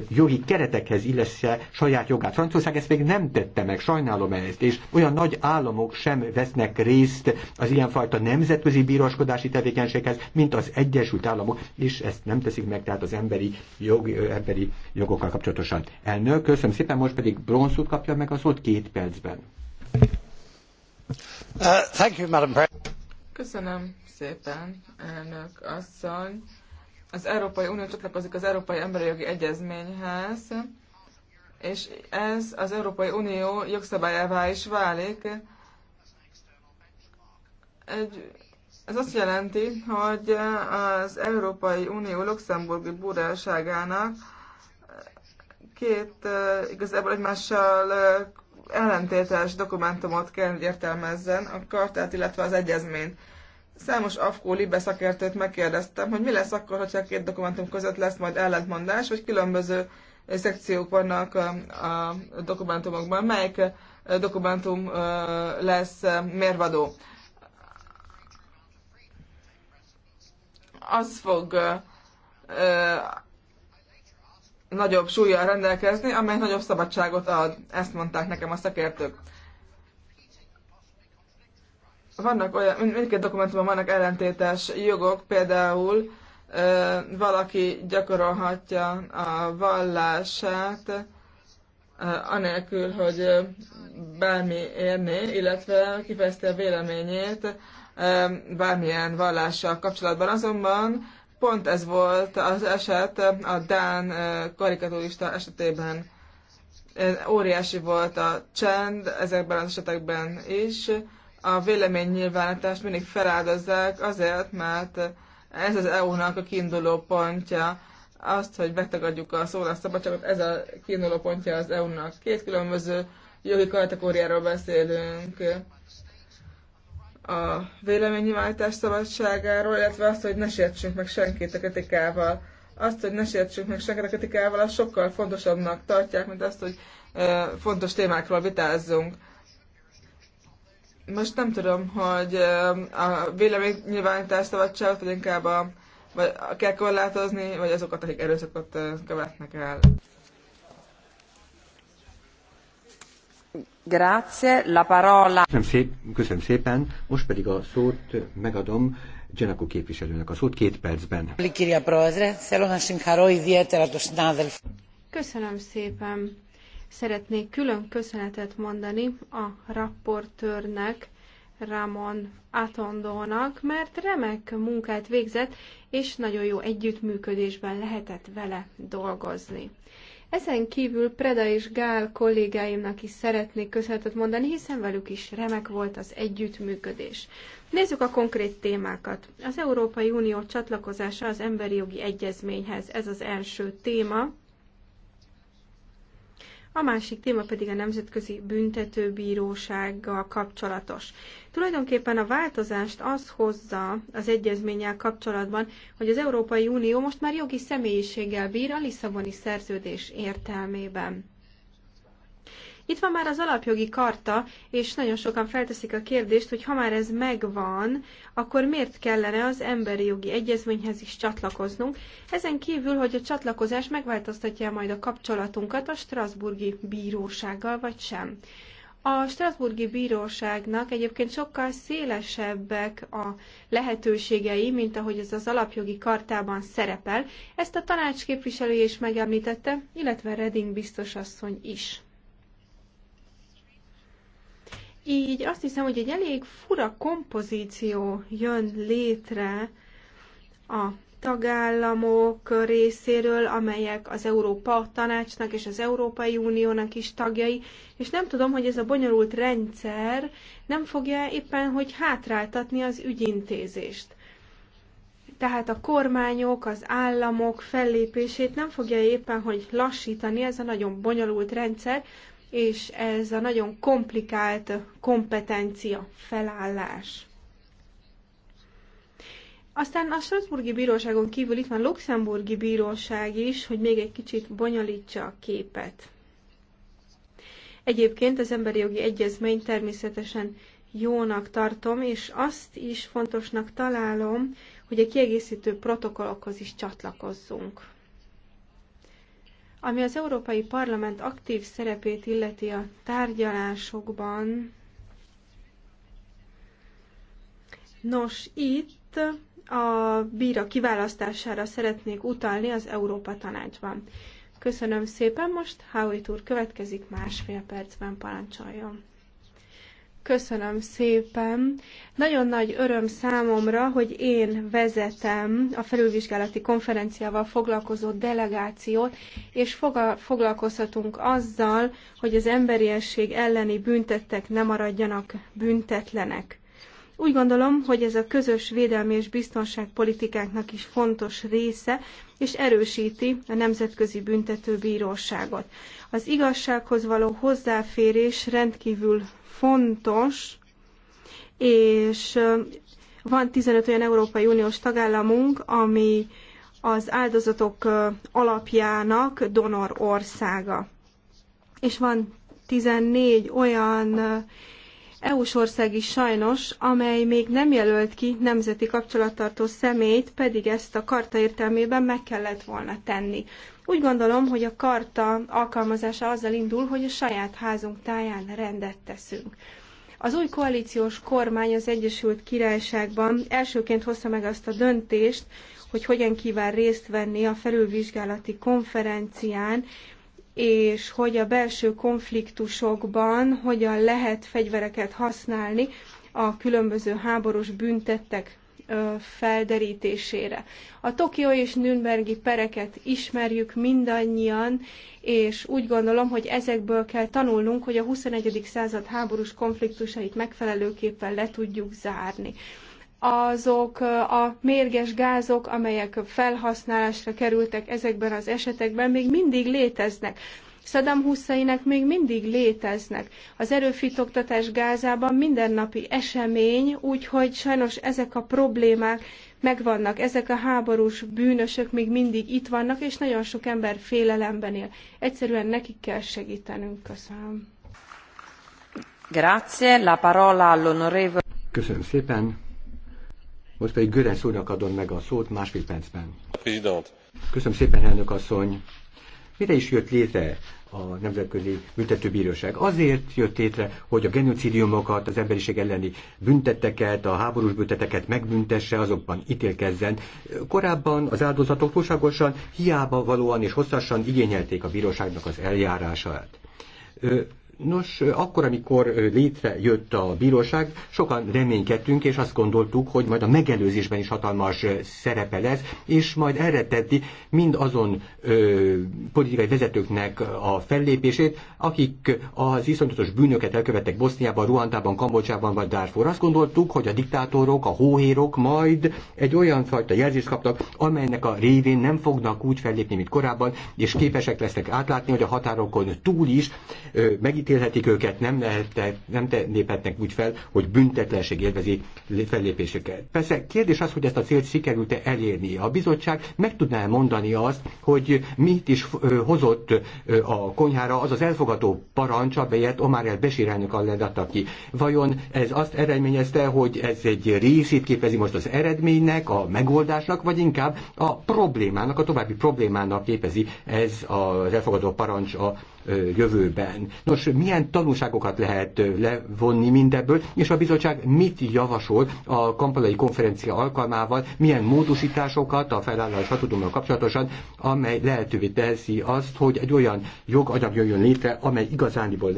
jogi keretekhez illesse saját jogát. Franciaország ezt ezt még nem tette meg, sajnálom ezt, és olyan nagy államok sem vesznek részt az ilyenfajta nemzetközi bíróskodási tevékenységhez, mint az Egyesült Államok, és ezt nem teszik meg, tehát az emberi, jog, emberi jogokkal kapcsolatosan. Elnök, köszönöm szépen, most pedig Bronszút kapja meg a szót két percben. Uh, thank you, Madam President. Köszönöm szépen, elnök asszony. Az Európai Unió csatlakozik az Európai Emberi Jogi Egyezményhez és ez az Európai Unió jogszabályává is válik. Egy, ez azt jelenti, hogy az Európai Unió luxemburgi búrálságának két igazából egymással ellentétes dokumentumot kell értelmezzen, a kartát, illetve az egyezményt. Számos afkó libe szakértőt megkérdeztem, hogy mi lesz akkor, hogyha a két dokumentum között lesz majd ellentmondás, vagy különböző szekciók vannak a dokumentumokban, melyik dokumentum lesz mérvadó. Az fog nagyobb súlyjal rendelkezni, amely nagyobb szabadságot ad. Ezt mondták nekem a szakértők. Vannak olyan, mindkét dokumentumban vannak ellentétes jogok, például valaki gyakorolhatja a vallását, anélkül, hogy bármi érné, illetve kifejezte a véleményét bármilyen vallással kapcsolatban. Azonban pont ez volt az eset a Dán karikaturista esetében. Óriási volt a csend ezekben az esetekben is. A vélemény nyilvánítást mindig feláldozzák azért, mert ez az EU-nak a kiinduló pontja. Azt, hogy betagadjuk a szólásszabadságot, ez a kiinduló pontja az EU-nak. Két különböző jogi kategóriáról beszélünk. A véleménynyilvánítás szabadságáról, illetve azt, hogy ne sértsünk meg senkit a kritikával. Azt, hogy ne sértsünk meg senkit a kritikával, azt sokkal fontosabbnak tartják, mint azt, hogy fontos témákról vitázzunk most nem tudom, hogy a véleménynyilvánítás szabadságot, vagy inkább a, vagy kell korlátozni, vagy azokat, akik erőszakot követnek el. Grazie, la parola. Köszönöm, szép, köszönöm szépen, most pedig a szót megadom Gyanakó képviselőnek a szót két percben. Köszönöm szépen. Szeretnék külön köszönetet mondani a rapportőrnek, Ramon Atondónak, mert remek munkát végzett, és nagyon jó együttműködésben lehetett vele dolgozni. Ezen kívül Preda és Gál kollégáimnak is szeretnék köszönetet mondani, hiszen velük is remek volt az együttműködés. Nézzük a konkrét témákat. Az Európai Unió csatlakozása az emberi jogi egyezményhez, ez az első téma a másik téma pedig a Nemzetközi Büntetőbírósággal kapcsolatos. Tulajdonképpen a változást az hozza az egyezménnyel kapcsolatban, hogy az Európai Unió most már jogi személyiséggel bír a Lisszaboni szerződés értelmében. Itt van már az alapjogi karta, és nagyon sokan felteszik a kérdést, hogy ha már ez megvan, akkor miért kellene az emberi jogi egyezményhez is csatlakoznunk. Ezen kívül, hogy a csatlakozás megváltoztatja majd a kapcsolatunkat a Strasburgi bírósággal, vagy sem. A Strasburgi Bíróságnak egyébként sokkal szélesebbek a lehetőségei, mint ahogy ez az alapjogi kartában szerepel. Ezt a tanács képviselője is megemlítette, illetve Reding biztosasszony is. Így azt hiszem, hogy egy elég fura kompozíció jön létre a tagállamok részéről, amelyek az Európa Tanácsnak és az Európai Uniónak is tagjai, és nem tudom, hogy ez a bonyolult rendszer nem fogja éppen, hogy hátráltatni az ügyintézést. Tehát a kormányok, az államok fellépését nem fogja éppen, hogy lassítani ez a nagyon bonyolult rendszer, és ez a nagyon komplikált kompetencia felállás. Aztán a Strasburgi Bíróságon kívül itt van Luxemburgi Bíróság is, hogy még egy kicsit bonyolítsa a képet. Egyébként az emberi jogi egyezmény természetesen jónak tartom, és azt is fontosnak találom, hogy a kiegészítő protokollokhoz is csatlakozzunk. Ami az Európai Parlament aktív szerepét illeti a tárgyalásokban, nos, itt a bíra kiválasztására szeretnék utalni az Európa Tanácsban. Köszönöm szépen, most Howitt úr következik másfél percben parancsoljon. Köszönöm szépen. Nagyon nagy öröm számomra, hogy én vezetem a felülvizsgálati konferenciával foglalkozó delegációt, és foglalkozhatunk azzal, hogy az emberiesség elleni büntettek ne maradjanak büntetlenek. Úgy gondolom, hogy ez a közös védelmi és biztonságpolitikáknak is fontos része, és erősíti a Nemzetközi Büntetőbíróságot. Az igazsághoz való hozzáférés rendkívül fontos, és van 15 olyan Európai Uniós tagállamunk, ami az áldozatok alapjának donor országa. És van 14 olyan EU-s ország is sajnos, amely még nem jelölt ki nemzeti kapcsolattartó személyt, pedig ezt a karta értelmében meg kellett volna tenni. Úgy gondolom, hogy a karta alkalmazása azzal indul, hogy a saját házunk táján rendet teszünk. Az új koalíciós kormány az Egyesült Királyságban elsőként hozta meg azt a döntést, hogy hogyan kíván részt venni a felülvizsgálati konferencián, és hogy a belső konfliktusokban hogyan lehet fegyvereket használni a különböző háborús büntettek felderítésére. A Tokió és Nürnbergi pereket ismerjük mindannyian, és úgy gondolom, hogy ezekből kell tanulnunk, hogy a 21. század háborús konfliktusait megfelelőképpen le tudjuk zárni azok a mérges gázok, amelyek felhasználásra kerültek ezekben az esetekben, még mindig léteznek. Saddam Husseinek még mindig léteznek. Az erőfitoktatás Gázában mindennapi esemény, úgyhogy sajnos ezek a problémák megvannak. Ezek a háborús bűnösök még mindig itt vannak, és nagyon sok ember félelemben él. Egyszerűen nekik kell segítenünk. Köszönöm. Grazie, la parola all'onorevole. Köszönöm szépen. Most pedig Görenc úrnak adom meg a szót másfél percben. President. Köszönöm szépen, elnök asszony. Mire is jött létre a Nemzetközi Büntetőbíróság? Azért jött létre, hogy a genocidiumokat, az emberiség elleni bünteteket, a háborús bünteteket megbüntesse, azokban ítélkezzen. Korábban az áldozatok túlságosan, hiába valóan és hosszasan igényelték a bíróságnak az eljárását Nos, akkor, amikor létrejött a bíróság, sokan reménykedtünk, és azt gondoltuk, hogy majd a megelőzésben is hatalmas szerepe lesz, és majd tetti mind azon ö, politikai vezetőknek a fellépését, akik az iszonyatos bűnöket elkövettek Boszniában, Ruandában, Kambodzsában vagy Darfur. Azt gondoltuk, hogy a diktátorok, a hóhérok majd egy olyan fajta jelzést kaptak, amelynek a révén nem fognak úgy fellépni, mint korábban, és képesek lesznek átlátni, hogy a határokon túl is ö, megít ítélhetik őket, nem, nem léphetnek úgy fel, hogy büntetlenség élvezi fellépésüket. Persze kérdés az, hogy ezt a célt sikerült-e elérni. A bizottság meg tudná mondani azt, hogy mit is hozott a konyhára az az elfogadó parancs, amelyet Omar el Besir elnök adta ki. Vajon ez azt eredményezte, hogy ez egy részét képezi most az eredménynek, a megoldásnak, vagy inkább a problémának, a további problémának képezi ez az elfogadó parancs a jövőben. Nos, milyen tanulságokat lehet levonni mindebből, és a bizottság mit javasol a kampalai konferencia alkalmával, milyen módosításokat a felállás statutummal kapcsolatosan, amely lehetővé teszi azt, hogy egy olyan joganyag jöjjön létre, amely igazániból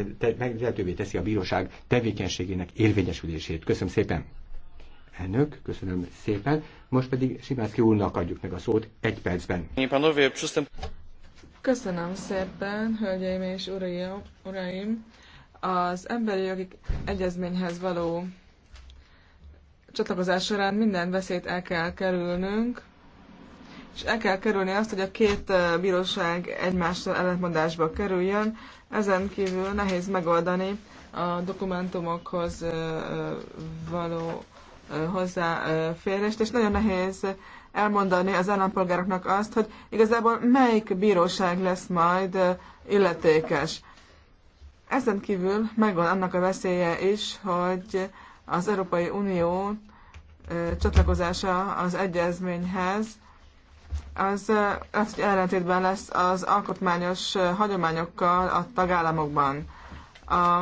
lehetővé teszi a bíróság tevékenységének érvényesülését. Köszönöm szépen! Elnök, köszönöm szépen. Most pedig Simánszki úrnak adjuk meg a szót egy percben. Köszönöm szépen, hölgyeim és uraim! Az emberi jogi egyezményhez való csatlakozás során minden veszélyt el kell kerülnünk, és el kell kerülni azt, hogy a két bíróság egymással ellentmondásba kerüljön. Ezen kívül nehéz megoldani a dokumentumokhoz való hozzáférést, és nagyon nehéz elmondani az állampolgároknak azt, hogy igazából melyik bíróság lesz majd illetékes. Ezen kívül megvan annak a veszélye is, hogy az Európai Unió csatlakozása az egyezményhez az, az ellentétben lesz az alkotmányos hagyományokkal a tagállamokban. A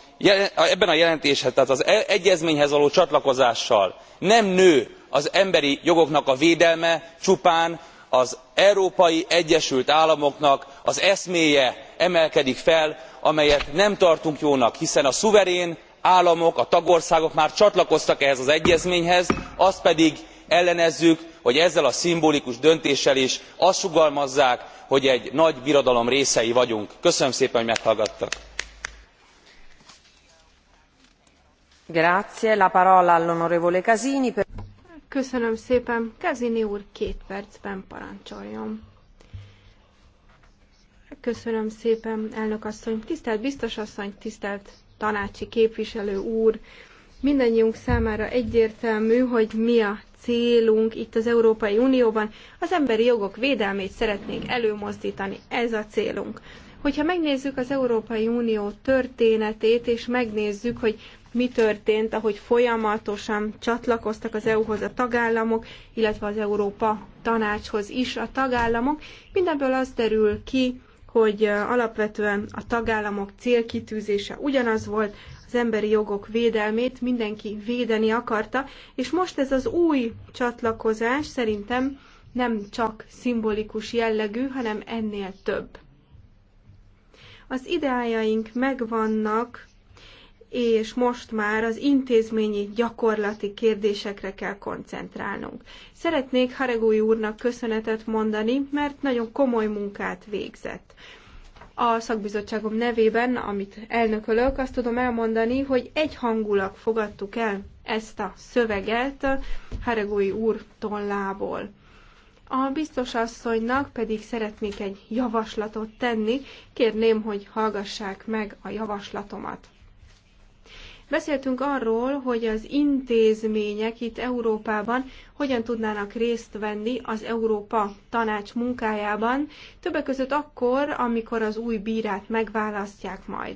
ebben a jelentésben tehát az e, egyezményhez való csatlakozással nem nő az emberi jogoknak a védelme csupán az európai egyesült államoknak az eszméje emelkedik fel amelyet nem tartunk jónak hiszen a szuverén államok a tagországok már csatlakoztak ehhez az egyezményhez azt pedig ellenezzük hogy ezzel a szimbolikus döntéssel is azt sugalmazzák hogy egy nagy birodalom részei vagyunk. köszönöm szépen hogy meghallgattak. Köszönöm szépen. Kazini úr két Köszönöm szépen, elnök asszony. Tisztelt biztos asszony, tisztelt tanácsi képviselő úr. Mindannyiunk számára egyértelmű, hogy mi a célunk itt az Európai Unióban. Az emberi jogok védelmét szeretnénk előmozdítani. Ez a célunk. Hogyha megnézzük az Európai Unió történetét, és megnézzük, hogy mi történt, ahogy folyamatosan csatlakoztak az EU-hoz a tagállamok, illetve az Európa tanácshoz is a tagállamok, mindenből az derül ki, hogy alapvetően a tagállamok célkitűzése ugyanaz volt, az emberi jogok védelmét mindenki védeni akarta, és most ez az új csatlakozás szerintem nem csak szimbolikus jellegű, hanem ennél több. Az ideájaink megvannak, és most már az intézményi gyakorlati kérdésekre kell koncentrálnunk. Szeretnék Haregói úrnak köszönetet mondani, mert nagyon komoly munkát végzett. A szakbizottságom nevében, amit elnökölök, azt tudom elmondani, hogy egyhangulag fogadtuk el ezt a szöveget Haregói úr tollából. A biztos asszonynak pedig szeretnék egy javaslatot tenni, kérném, hogy hallgassák meg a javaslatomat. Beszéltünk arról, hogy az intézmények itt Európában hogyan tudnának részt venni az Európa tanács munkájában, többek között akkor, amikor az új bírát megválasztják majd.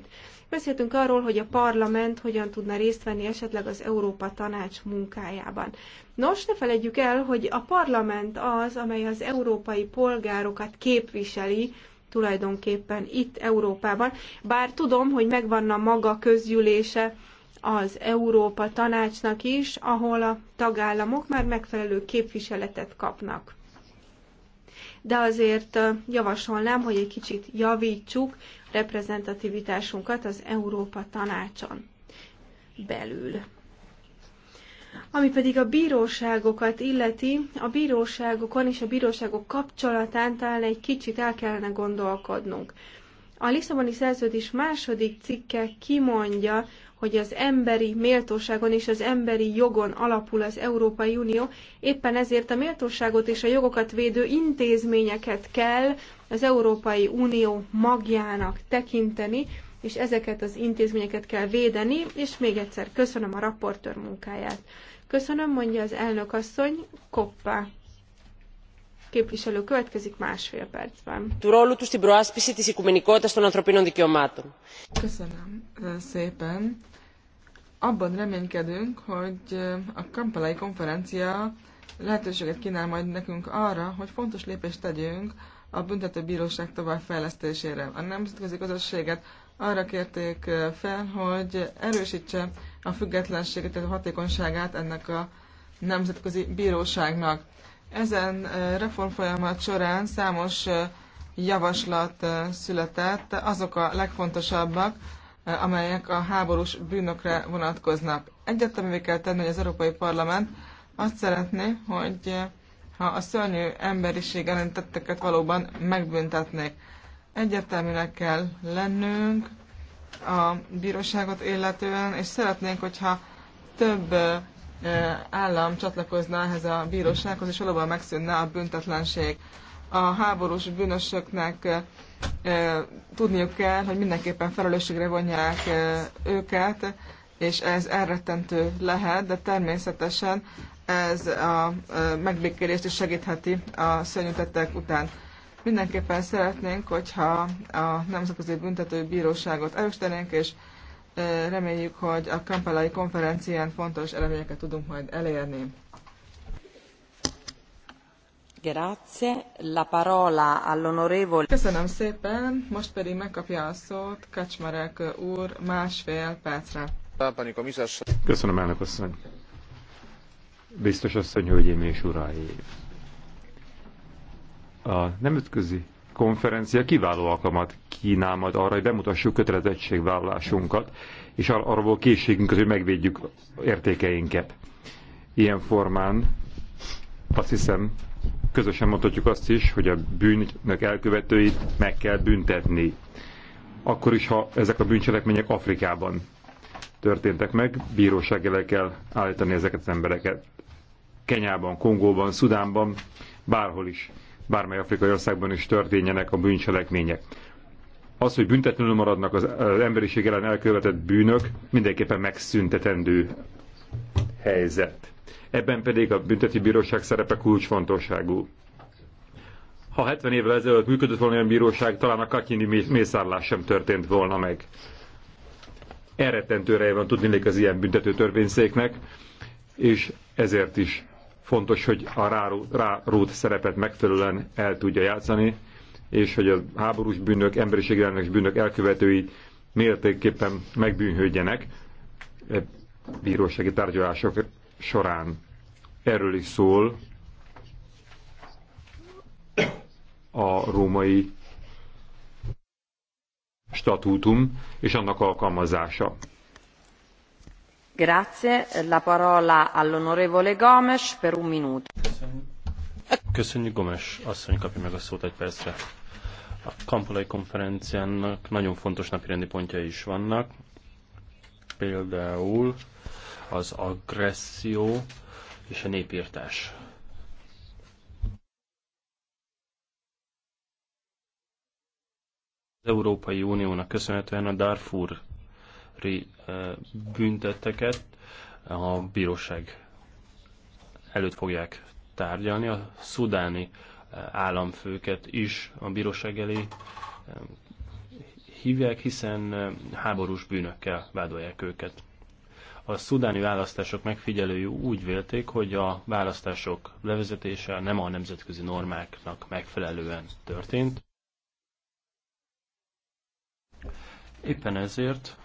Beszéltünk arról, hogy a parlament hogyan tudna részt venni esetleg az Európa Tanács munkájában. Nos, ne felejtjük el, hogy a parlament az, amely az európai polgárokat képviseli, tulajdonképpen itt Európában, bár tudom, hogy megvan a maga közgyűlése, az Európa Tanácsnak is, ahol a tagállamok már megfelelő képviseletet kapnak. De azért javasolnám, hogy egy kicsit javítsuk reprezentativitásunkat az Európa Tanácson belül. Ami pedig a bíróságokat illeti, a bíróságokon és a bíróságok kapcsolatán talán egy kicsit el kellene gondolkodnunk. A Lisszaboni szerződés második cikke kimondja, hogy az emberi méltóságon és az emberi jogon alapul az Európai Unió, éppen ezért a méltóságot és a jogokat védő intézményeket kell az Európai Unió magjának tekinteni, és ezeket az intézményeket kell védeni, és még egyszer köszönöm a raportőr munkáját. Köszönöm, mondja az elnök asszony, koppá képviselő következik másfél percben. Köszönöm szépen. Abban reménykedünk, hogy a Kampalai konferencia lehetőséget kínál majd nekünk arra, hogy fontos lépést tegyünk a büntetőbíróság továbbfejlesztésére. A nemzetközi közösséget arra kérték fel, hogy erősítse a függetlenséget, a hatékonyságát ennek a nemzetközi bíróságnak. Ezen reformfolyamat során számos javaslat született, azok a legfontosabbak, amelyek a háborús bűnökre vonatkoznak. Egyetemévé kell tenni, hogy az Európai Parlament azt szeretné, hogy ha a szörnyű emberiség ellen tetteket valóban megbüntetnék. Egyértelműnek kell lennünk a bíróságot illetően, és szeretnénk, hogyha több állam csatlakozna ehhez a bírósághoz, és valóban megszűnne a büntetlenség. A háborús bűnösöknek tudniuk kell, hogy mindenképpen felelősségre vonják őket, és ez elrettentő lehet, de természetesen ez a megbékélést is segítheti a szörnyűtettek után. Mindenképpen szeretnénk, hogyha a Nemzetközi Büntető Bíróságot erősítenénk, és Reméljük, hogy a kampalai konferencián fontos eredményeket tudunk majd elérni. Grazie. La parola all'onorevole. Köszönöm szépen, most pedig megkapja a szót Kacsmarek úr másfél percre. Köszönöm, elnök asszony. Biztos asszony, hölgyeim és uraim. A nemütközi konferencia kiváló alkalmat kínál majd arra, hogy bemutassuk kötelezettségvállalásunkat, és arra volt készségünk az, hogy megvédjük értékeinket. Ilyen formán azt hiszem, közösen mondhatjuk azt is, hogy a bűnök elkövetőit meg kell büntetni. Akkor is, ha ezek a bűncselekmények Afrikában történtek meg, bíróság elé kell állítani ezeket az embereket. Kenyában, Kongóban, Szudánban, bárhol is bármely afrikai országban is történjenek a bűncselekmények. Az, hogy büntetlenül maradnak az, az emberiség ellen elkövetett bűnök, mindenképpen megszüntetendő helyzet. Ebben pedig a bünteti bíróság szerepe kulcsfontosságú. Ha 70 évvel ezelőtt működött volna olyan bíróság, talán a kakini mészárlás sem történt volna meg. Elrettentőre van tudni az ilyen büntető törvényszéknek, és ezért is Fontos, hogy a rárút szerepet megfelelően el tudja játszani, és hogy a háborús bűnök, emberiségellenes bűnök elkövetői mértékképpen megbűnhődjenek e bírósági tárgyalások során. Erről is szól a római statútum és annak alkalmazása. Grazie. La parola Köszönjük. Gomes. Asszony kapja meg a szót egy percre. A Kampalai konferenciának nagyon fontos napirendi pontjai is vannak. Például az agresszió és a népírtás. Az Európai Uniónak köszönhetően a Darfur büntetteket a bíróság előtt fogják tárgyalni. A szudáni államfőket is a bíróság elé hívják, hiszen háborús bűnökkel vádolják őket. A szudáni választások megfigyelői úgy vélték, hogy a választások levezetése nem a nemzetközi normáknak megfelelően történt. Éppen ezért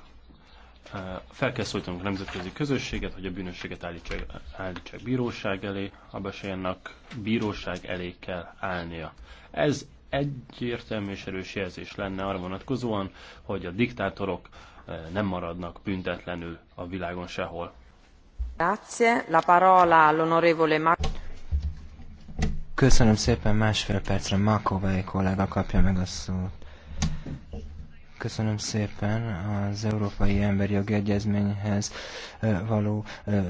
fel kell szólítanunk a nemzetközi közösséget, hogy a bűnösséget állítsák, állítsák bíróság elé, besélyennak bíróság elé kell állnia. Ez egyértelmű és erős jelzés lenne arra vonatkozóan, hogy a diktátorok nem maradnak büntetlenül a világon sehol. Grazie. La parola all'onorevole Köszönöm szépen, másfél percre Makovai kollega kapja meg a szót. Köszönöm szépen az Európai Emberi Jogi Egyezményhez való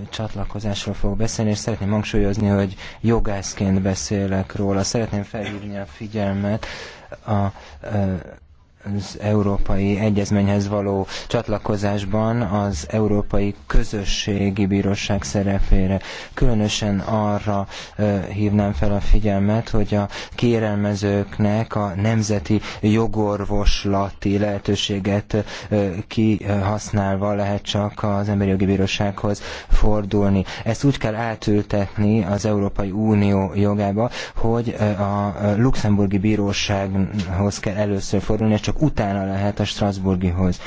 csatlakozásról fogok beszélni, és szeretném hangsúlyozni, hogy jogászként beszélek róla. Szeretném felhívni a figyelmet a az Európai Egyezményhez való csatlakozásban az Európai Közösségi Bíróság szerepére. Különösen arra hívnám fel a figyelmet, hogy a kérelmezőknek a nemzeti jogorvoslati lehetőséget kihasználva lehet csak az Emberi Jogi Bírósághoz fordulni. Ezt úgy kell átültetni az Európai Unió jogába, hogy a luxemburgi bírósághoz kell először fordulni, és csak csak utána lehet a Strasburgihoz.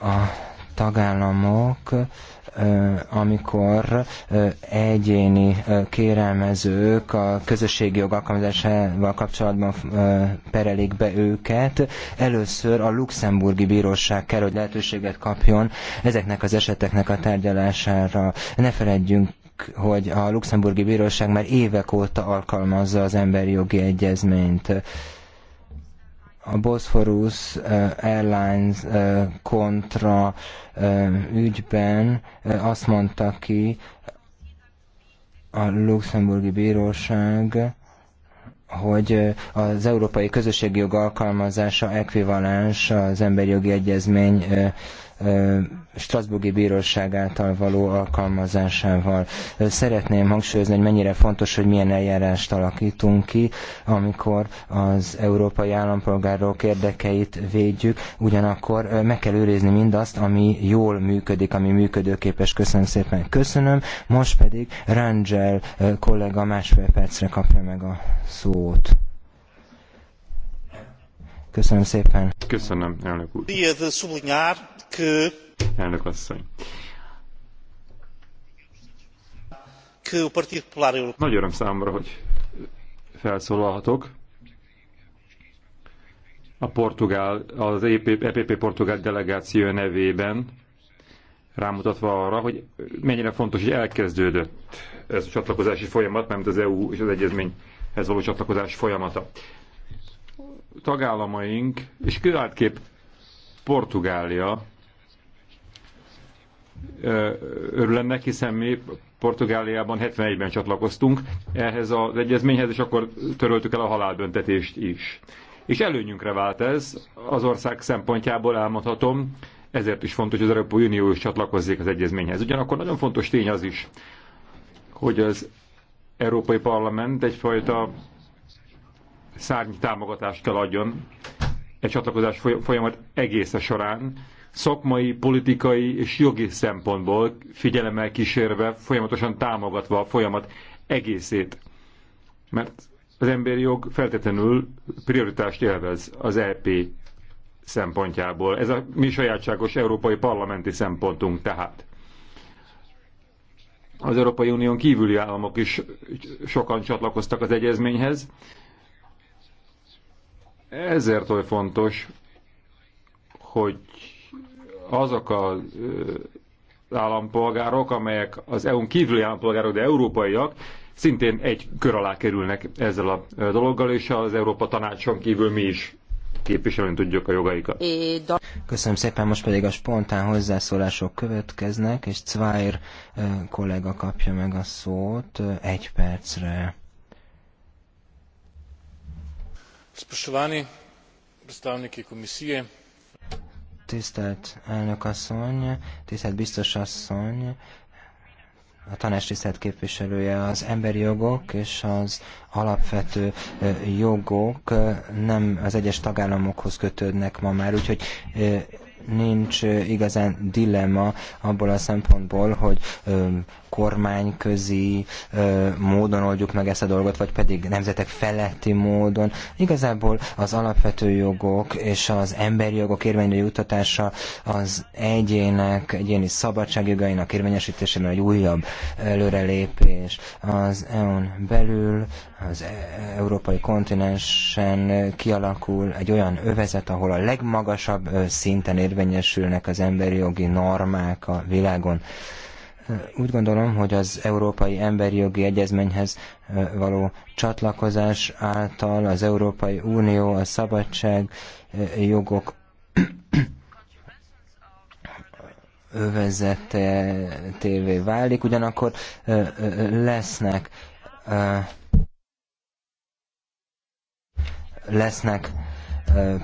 A tagállamok amikor egyéni kérelmezők a közösségi jog alkalmazásával kapcsolatban perelik be őket. Először a luxemburgi bíróság kell, hogy lehetőséget kapjon ezeknek az eseteknek a tárgyalására. Ne feledjünk hogy a luxemburgi bíróság már évek óta alkalmazza az emberi jogi egyezményt a Bosphorus Airlines kontra ügyben azt mondta ki a luxemburgi bíróság, hogy az európai közösségi jog alkalmazása ekvivalens az emberi jogi egyezmény Strasburgi Bíróság által való alkalmazásával. Szeretném hangsúlyozni, hogy mennyire fontos, hogy milyen eljárást alakítunk ki, amikor az európai állampolgárok érdekeit védjük, ugyanakkor meg kell őrizni mindazt, ami jól működik, ami működőképes. Köszönöm szépen. Köszönöm. Most pedig Rangel kollega másfél percre kapja meg a szót. Köszönöm szépen. Köszönöm, elnök úr. Elnök asszony. Nagy öröm számomra, hogy felszólalhatok. A portugál, az EPP e portugál delegáció nevében rámutatva arra, hogy mennyire fontos, hogy elkezdődött ez a csatlakozási folyamat, mert az EU és az egyezményhez való csatlakozás folyamata tagállamaink, és különképp Portugália örül ennek, hiszen mi Portugáliában 71-ben csatlakoztunk ehhez az egyezményhez, és akkor töröltük el a halálbüntetést is. És előnyünkre vált ez, az ország szempontjából elmondhatom, ezért is fontos, hogy az Európai Unió is csatlakozzék az egyezményhez. Ugyanakkor nagyon fontos tény az is, hogy az Európai Parlament egyfajta szárny támogatást kell adjon egy csatlakozás folyamat egésze során, szakmai, politikai és jogi szempontból figyelemmel kísérve, folyamatosan támogatva a folyamat egészét. Mert az emberi jog feltétlenül prioritást élvez az EP szempontjából. Ez a mi sajátságos európai parlamenti szempontunk tehát. Az Európai Unión kívüli államok is sokan csatlakoztak az egyezményhez, ezért oly fontos, hogy azok az állampolgárok, amelyek az EU-n kívüli állampolgárok, de európaiak, szintén egy kör alá kerülnek ezzel a dologgal, és az Európa Tanácson kívül mi is képviselni tudjuk a jogaikat. Köszönöm szépen, most pedig a spontán hozzászólások következnek, és Cvájr kollega kapja meg a szót egy percre. Spoštovani predstavniki komisije. Tisztelt elnök asszony, tisztelt biztos asszony, a tisztelt képviselője az emberi jogok és az alapvető jogok nem az egyes tagállamokhoz kötődnek ma már, úgyhogy nincs igazán dilemma abból a szempontból, hogy kormányközi módon oldjuk meg ezt a dolgot, vagy pedig nemzetek feletti módon. Igazából az alapvető jogok és az emberi jogok érvényre juttatása az egyének, egyéni szabadságjogainak érvényesítésében egy újabb előrelépés. Az EU-n belül, az e- európai kontinensen kialakul egy olyan övezet, ahol a legmagasabb szinten érvényesítés érvényesülnek az emberi jogi normák a világon. Úgy gondolom, hogy az Európai Emberi Jogi Egyezményhez való csatlakozás által az Európai Unió a szabadság jogok övezetévé válik, ugyanakkor lesznek lesznek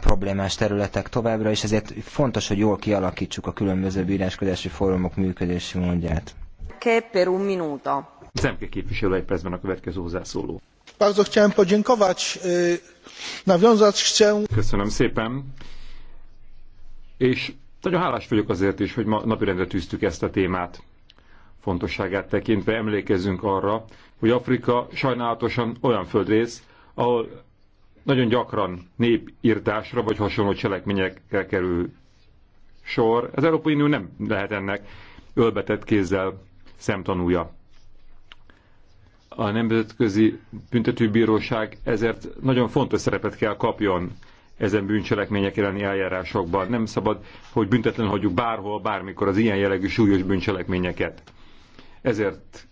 problémás területek továbbra, és ezért fontos, hogy jól kialakítsuk a különböző bíráskodási fórumok működési módját. Per un minuto. Zemke képviselő egy percben a következő hozzászóló. Bardzo chciałem podziękować. Nawiązać chcę... Köszönöm szépen. És nagyon hálás vagyok azért is, hogy ma napirendre tűztük ezt a témát. Fontosságát tekintve emlékezzünk arra, hogy Afrika sajnálatosan olyan földrész, ahol nagyon gyakran népírtásra vagy hasonló cselekményekre kerül sor. Az Európai Unió nem lehet ennek ölbetett kézzel szemtanúja. A Nemzetközi Büntetőbíróság ezért nagyon fontos szerepet kell kapjon ezen bűncselekmények elleni eljárásokban. Nem szabad, hogy büntetlen hagyjuk bárhol, bármikor az ilyen jellegű súlyos bűncselekményeket. Ezért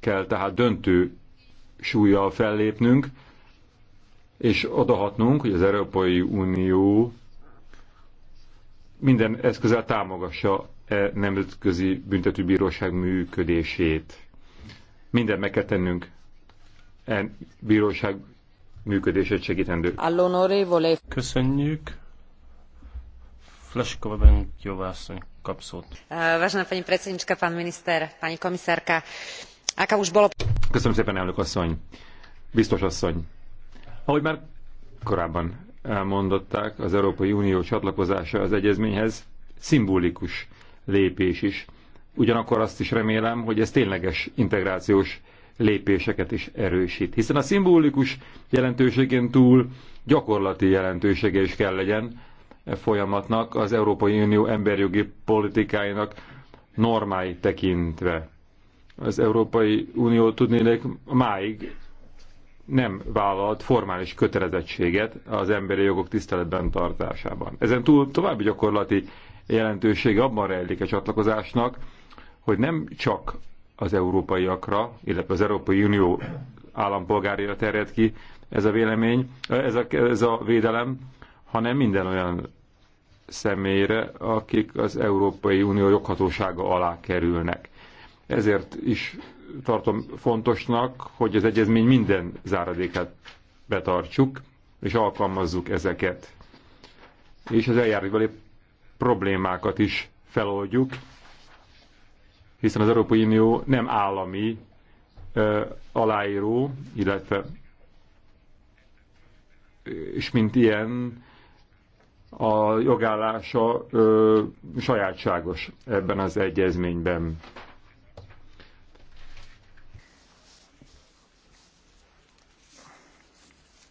kell tehát döntő súlyjal fellépnünk, és odahatnunk, hogy az Európai Unió minden eszközzel támogassa e nemzetközi büntetőbíróság működését. Minden meg kell tennünk e bíróság működését segítendő. All'onorevole. Köszönjük. Fleskova jó kap szót. Eh, vážená pani predsednička, pán miniszter, pani komisárka, aká už bolo... Köszönöm szépen, elnök asszony. Biztos asszony ahogy már korábban elmondották, az Európai Unió csatlakozása az egyezményhez szimbolikus lépés is. Ugyanakkor azt is remélem, hogy ez tényleges integrációs lépéseket is erősít. Hiszen a szimbolikus jelentőségén túl gyakorlati jelentősége is kell legyen e folyamatnak, az Európai Unió emberjogi politikáinak normái tekintve. Az Európai Unió tudnélek máig nem vállalt formális kötelezettséget az emberi jogok tiszteletben tartásában. Ezen túl további gyakorlati jelentősége abban rejlik a csatlakozásnak, hogy nem csak az európaiakra, illetve az Európai Unió állampolgárira terjed ki ez a vélemény, ez a, ez a védelem, hanem minden olyan személyre, akik az Európai Unió joghatósága alá kerülnek. Ezért is tartom fontosnak, hogy az egyezmény minden záradékát betartsuk, és alkalmazzuk ezeket. És az eljárásbeli problémákat is feloldjuk, hiszen az Európai Unió nem állami ö, aláíró, illetve és mint ilyen a jogállása ö, sajátságos ebben az egyezményben.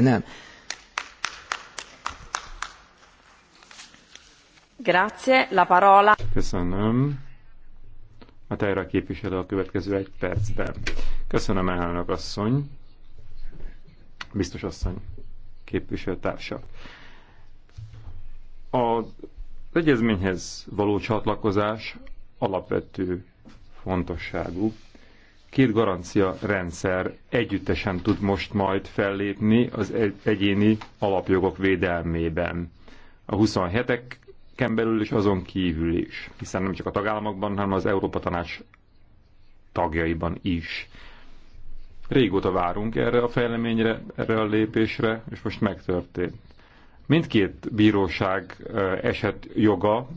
Köszönöm. Grazie, la parola. Köszönöm. A Tájra képviselő a következő egy percben. Köszönöm, elnök asszony. Biztos asszony képviselőtársak. A egyezményhez való csatlakozás alapvető fontosságú két garancia rendszer együttesen tud most majd fellépni az egyéni alapjogok védelmében. A 27-eken belül és azon kívül is, hiszen nem csak a tagállamokban, hanem az Európa Tanács tagjaiban is. Régóta várunk erre a fejleményre, erre a lépésre, és most megtörtént. Mindkét bíróság eset joga,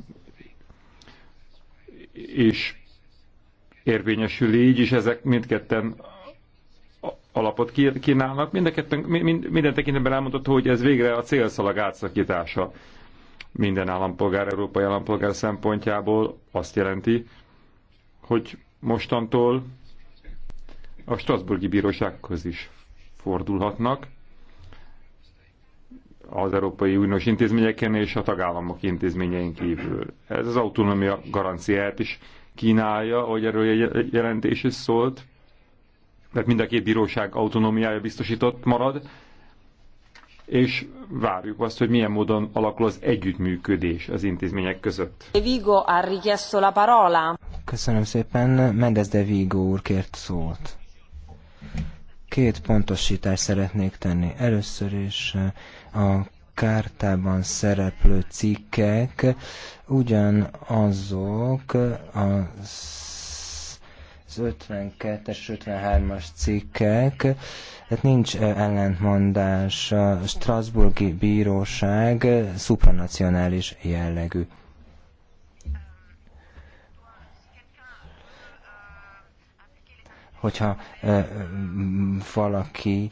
és érvényesül így, és ezek mindketten alapot kínálnak. Mindenketten, mind, minden tekintetben elmondható, hogy ez végre a célszalag átszakítása minden állampolgár, európai állampolgár szempontjából azt jelenti, hogy mostantól a Strasburgi Bírósághoz is fordulhatnak az Európai Uniós intézményeken és a tagállamok intézményein kívül. Ez az autonómia garanciát is kínálja, hogy erről egy jelentés is szólt, mert mind a két bíróság autonómiája biztosított marad, és várjuk azt, hogy milyen módon alakul az együttműködés az intézmények között. Vigo ha richiesto la parola. Köszönöm szépen, Mendez de Vigo úr kért szólt. Két pontosítást szeretnék tenni. Először is eh, a kártában szereplő cikkek ugyanazok az 52-es, 53-as cikkek, tehát nincs ellentmondás, a Strasburgi Bíróság szupranacionális jellegű. hogyha valaki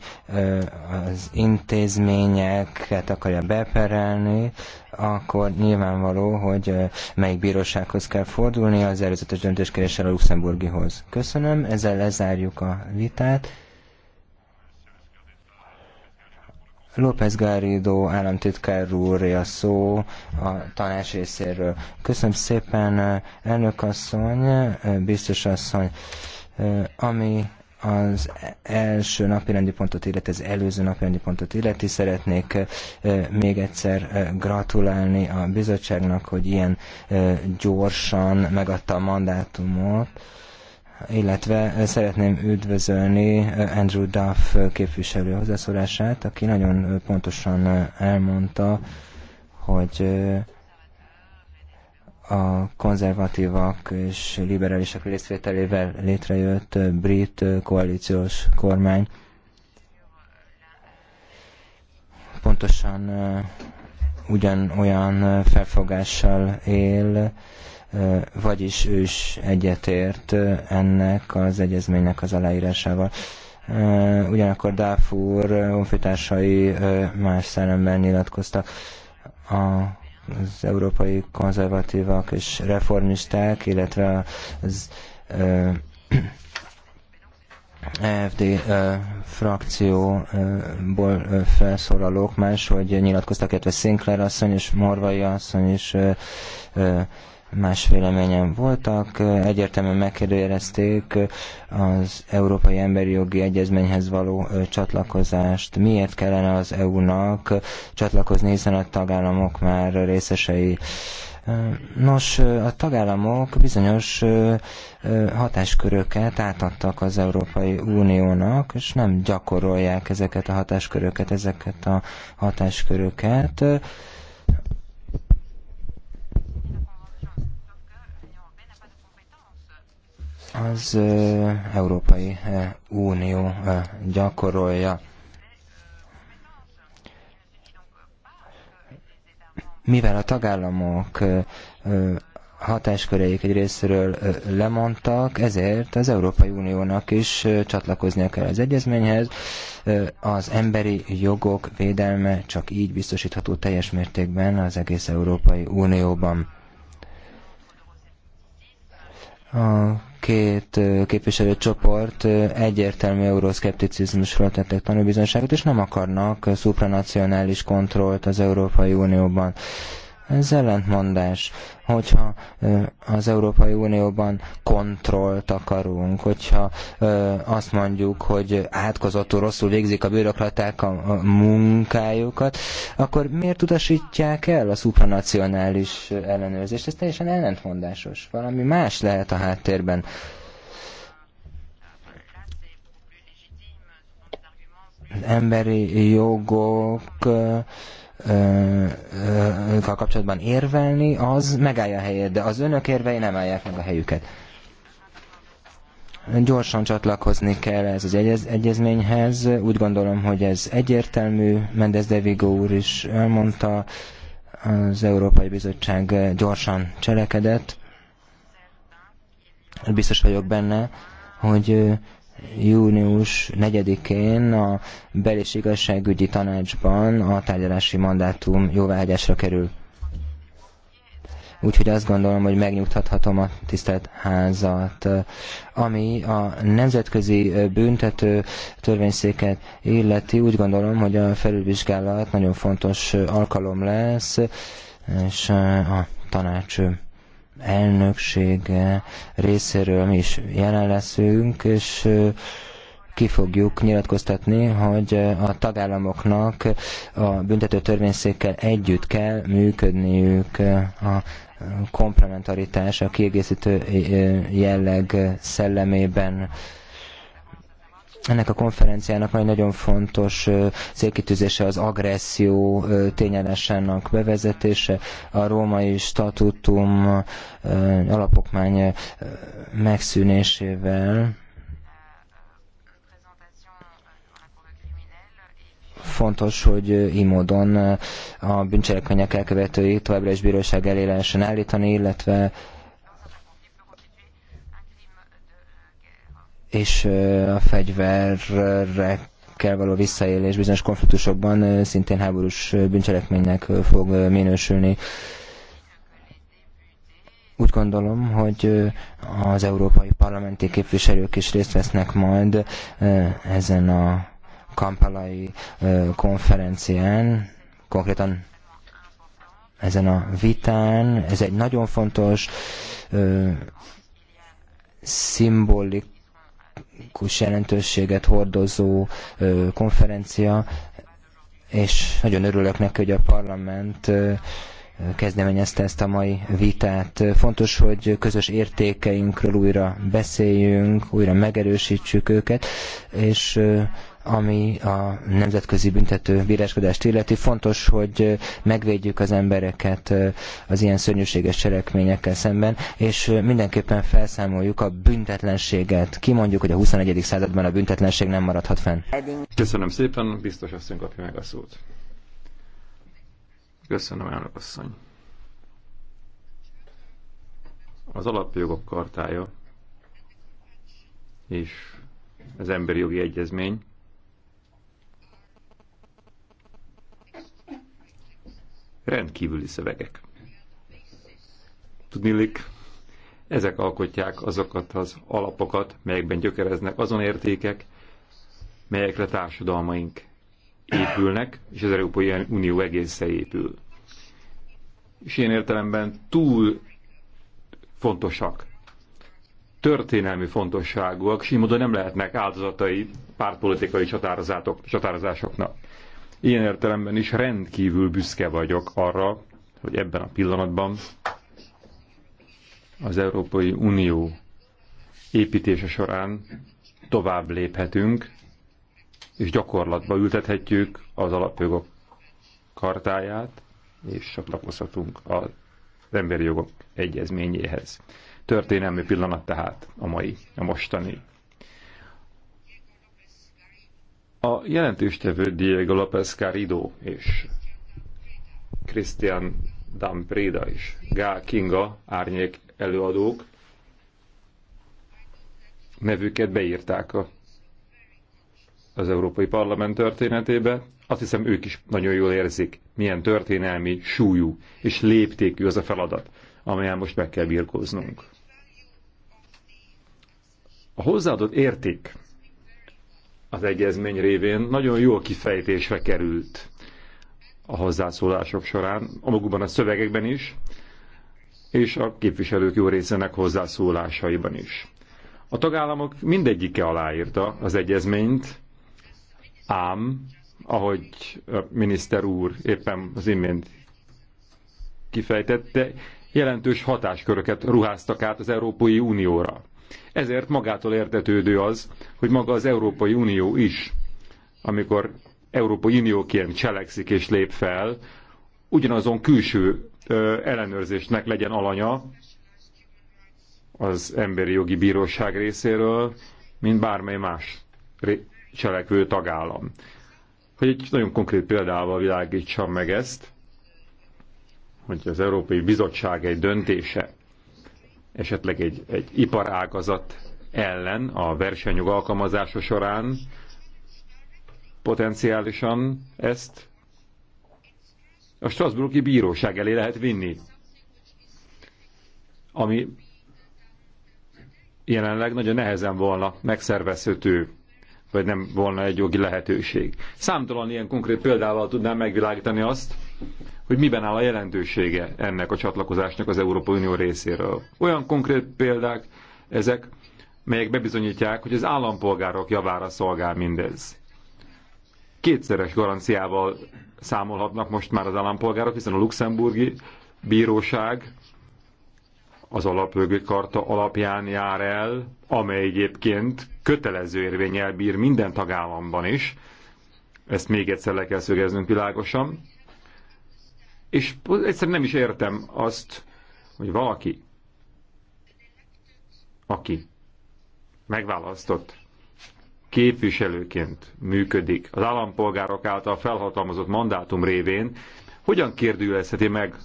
az intézményeket akarja beperelni, akkor nyilvánvaló, hogy melyik bírósághoz kell fordulni az előzetes döntéskéréssel a luxemburgihoz. Köszönöm, ezzel lezárjuk a vitát. López Garrido államtitkár úr a szó a tanács részéről. Köszönöm szépen, elnök asszony, biztos asszony. Ami az első napirendi pontot illeti, az előző napirendi pontot illeti. Szeretnék még egyszer gratulálni a bizottságnak, hogy ilyen gyorsan megadta a mandátumot, illetve szeretném üdvözölni Andrew Duff képviselő hozzászólását, aki nagyon pontosan elmondta, hogy a konzervatívak és liberálisak részvételével létrejött brit koalíciós kormány pontosan ugyanolyan felfogással él, vagyis ő is egyetért ennek az egyezménynek az aláírásával. Ugyanakkor Dáfúr honfitársai más szellemben nyilatkoztak. A az európai konzervatívak és reformisták, illetve az EFD frakcióból ö, felszólalók máshogy nyilatkoztak, illetve Sinclair asszony és Morvai asszony is ö, ö, más véleményen voltak, egyértelműen megkérdőjelezték az Európai Emberi Jogi Egyezményhez való csatlakozást. Miért kellene az EU-nak csatlakozni, hiszen a tagállamok már részesei Nos, a tagállamok bizonyos hatásköröket átadtak az Európai Uniónak, és nem gyakorolják ezeket a hatásköröket, ezeket a hatásköröket az Európai Unió gyakorolja. Mivel a tagállamok hatásköreik egy részéről lemondtak, ezért az Európai Uniónak is csatlakoznia kell az egyezményhez. Az emberi jogok védelme csak így biztosítható teljes mértékben az egész Európai Unióban. A két képviselőcsoport egyértelmű euroszkepticizmusról tettek tanúbizonyságot, és nem akarnak szupranacionális kontrollt az Európai Unióban. Ez ellentmondás, hogyha az Európai Unióban kontrollt akarunk, hogyha azt mondjuk, hogy átkozottul rosszul végzik a bürokraták a munkájukat, akkor miért utasítják el a szupranacionális ellenőrzést? Ez teljesen ellentmondásos. Valami más lehet a háttérben. emberi jogok kapcsolatban érvelni, az megállja a helyét, de az önök érvei nem állják meg a helyüket. Gyorsan csatlakozni kell ez az egyez, egyezményhez. Úgy gondolom, hogy ez egyértelmű. Mendez de Vigo úr is elmondta, az Európai Bizottság gyorsan cselekedett. Biztos vagyok benne, hogy június 4-én a bel- és igazságügyi tanácsban a tárgyalási mandátum jóváhagyásra kerül. Úgyhogy azt gondolom, hogy megnyugtathatom a tisztelt házat, ami a nemzetközi büntető törvényszéket illeti. Úgy gondolom, hogy a felülvizsgálat nagyon fontos alkalom lesz, és a tanács elnöksége részéről mi is jelen leszünk, és ki fogjuk nyilatkoztatni, hogy a tagállamoknak a büntető törvényszékkel együtt kell működniük a komplementaritás, a kiegészítő jelleg szellemében ennek a konferenciának egy nagyon fontos célkitűzése az agresszió tényállásának bevezetése, a római statutum alapokmány megszűnésével. Fontos, hogy így módon a bűncselekmények elkövetői továbbra is bíróság elé lehessen állítani, illetve és a fegyverekkel való visszaélés bizonyos konfliktusokban szintén háborús bűncselekménynek fog minősülni. Úgy gondolom, hogy az európai parlamenti képviselők is részt vesznek majd ezen a kampalai konferencián, konkrétan ezen a vitán. Ez egy nagyon fontos szimbolikus demokratikus jelentőséget hordozó konferencia, és nagyon örülök neki, hogy a parlament kezdeményezte ezt a mai vitát. Fontos, hogy közös értékeinkről újra beszéljünk, újra megerősítsük őket, és ami a nemzetközi büntető bíráskodást illeti. Fontos, hogy megvédjük az embereket az ilyen szörnyűséges cselekményekkel szemben, és mindenképpen felszámoljuk a büntetlenséget. Kimondjuk, hogy a 21. században a büntetlenség nem maradhat fenn. Köszönöm szépen, biztos asszony kapja meg a szót. Köszönöm, elnök asszony. Az alapjogok kartája és az emberi jogi egyezmény rendkívüli szövegek. Tudnilik, ezek alkotják azokat az alapokat, melyekben gyökereznek azon értékek, melyekre társadalmaink épülnek, és az Európai Unió egészen épül. És ilyen értelemben túl fontosak, történelmi fontosságúak, és így módon nem lehetnek áldozatai pártpolitikai csatározásoknak. Ilyen értelemben is rendkívül büszke vagyok arra, hogy ebben a pillanatban az Európai Unió építése során tovább léphetünk, és gyakorlatba ültethetjük az alapjogok kartáját, és csatlakozhatunk az emberi jogok egyezményéhez. Történelmi pillanat tehát a mai, a mostani. A jelentéstevő Diego López Carido és Christian Dampreda és Gá Kinga árnyék előadók nevüket beírták a, az Európai Parlament történetébe. Azt hiszem, ők is nagyon jól érzik, milyen történelmi, súlyú és léptékű az a feladat, amelyen most meg kell birkóznunk. A hozzáadott érték az egyezmény révén nagyon jó kifejtésre került a hozzászólások során, a a szövegekben is, és a képviselők jó részének hozzászólásaiban is. A tagállamok mindegyike aláírta az egyezményt, ám, ahogy a miniszter úr éppen az imént kifejtette, jelentős hatásköröket ruháztak át az Európai Unióra. Ezért magától értetődő az, hogy maga az Európai Unió is, amikor Európai Unióként cselekszik és lép fel, ugyanazon külső ellenőrzésnek legyen alanya az Emberi Jogi Bíróság részéről, mint bármely más cselekvő tagállam. Hogy egy nagyon konkrét példával világítsam meg ezt, hogy az Európai Bizottság egy döntése esetleg egy, egy iparágazat ellen a versenyjog alkalmazása során potenciálisan ezt a Strasburgi Bíróság elé lehet vinni, ami jelenleg nagyon nehezen volna megszervezhető, vagy nem volna egy jogi lehetőség. Számtalan ilyen konkrét példával tudnám megvilágítani azt, hogy miben áll a jelentősége ennek a csatlakozásnak az Európai Unió részéről. Olyan konkrét példák ezek, melyek bebizonyítják, hogy az állampolgárok javára szolgál mindez. Kétszeres garanciával számolhatnak most már az állampolgárok, hiszen a luxemburgi bíróság az alapjogi karta alapján jár el, amely egyébként kötelező érvényel bír minden tagállamban is. Ezt még egyszer le kell szögeznünk világosan. És egyszerűen nem is értem azt, hogy valaki, aki megválasztott képviselőként működik az állampolgárok által felhatalmazott mandátum révén, hogyan kérdőjelezheti meg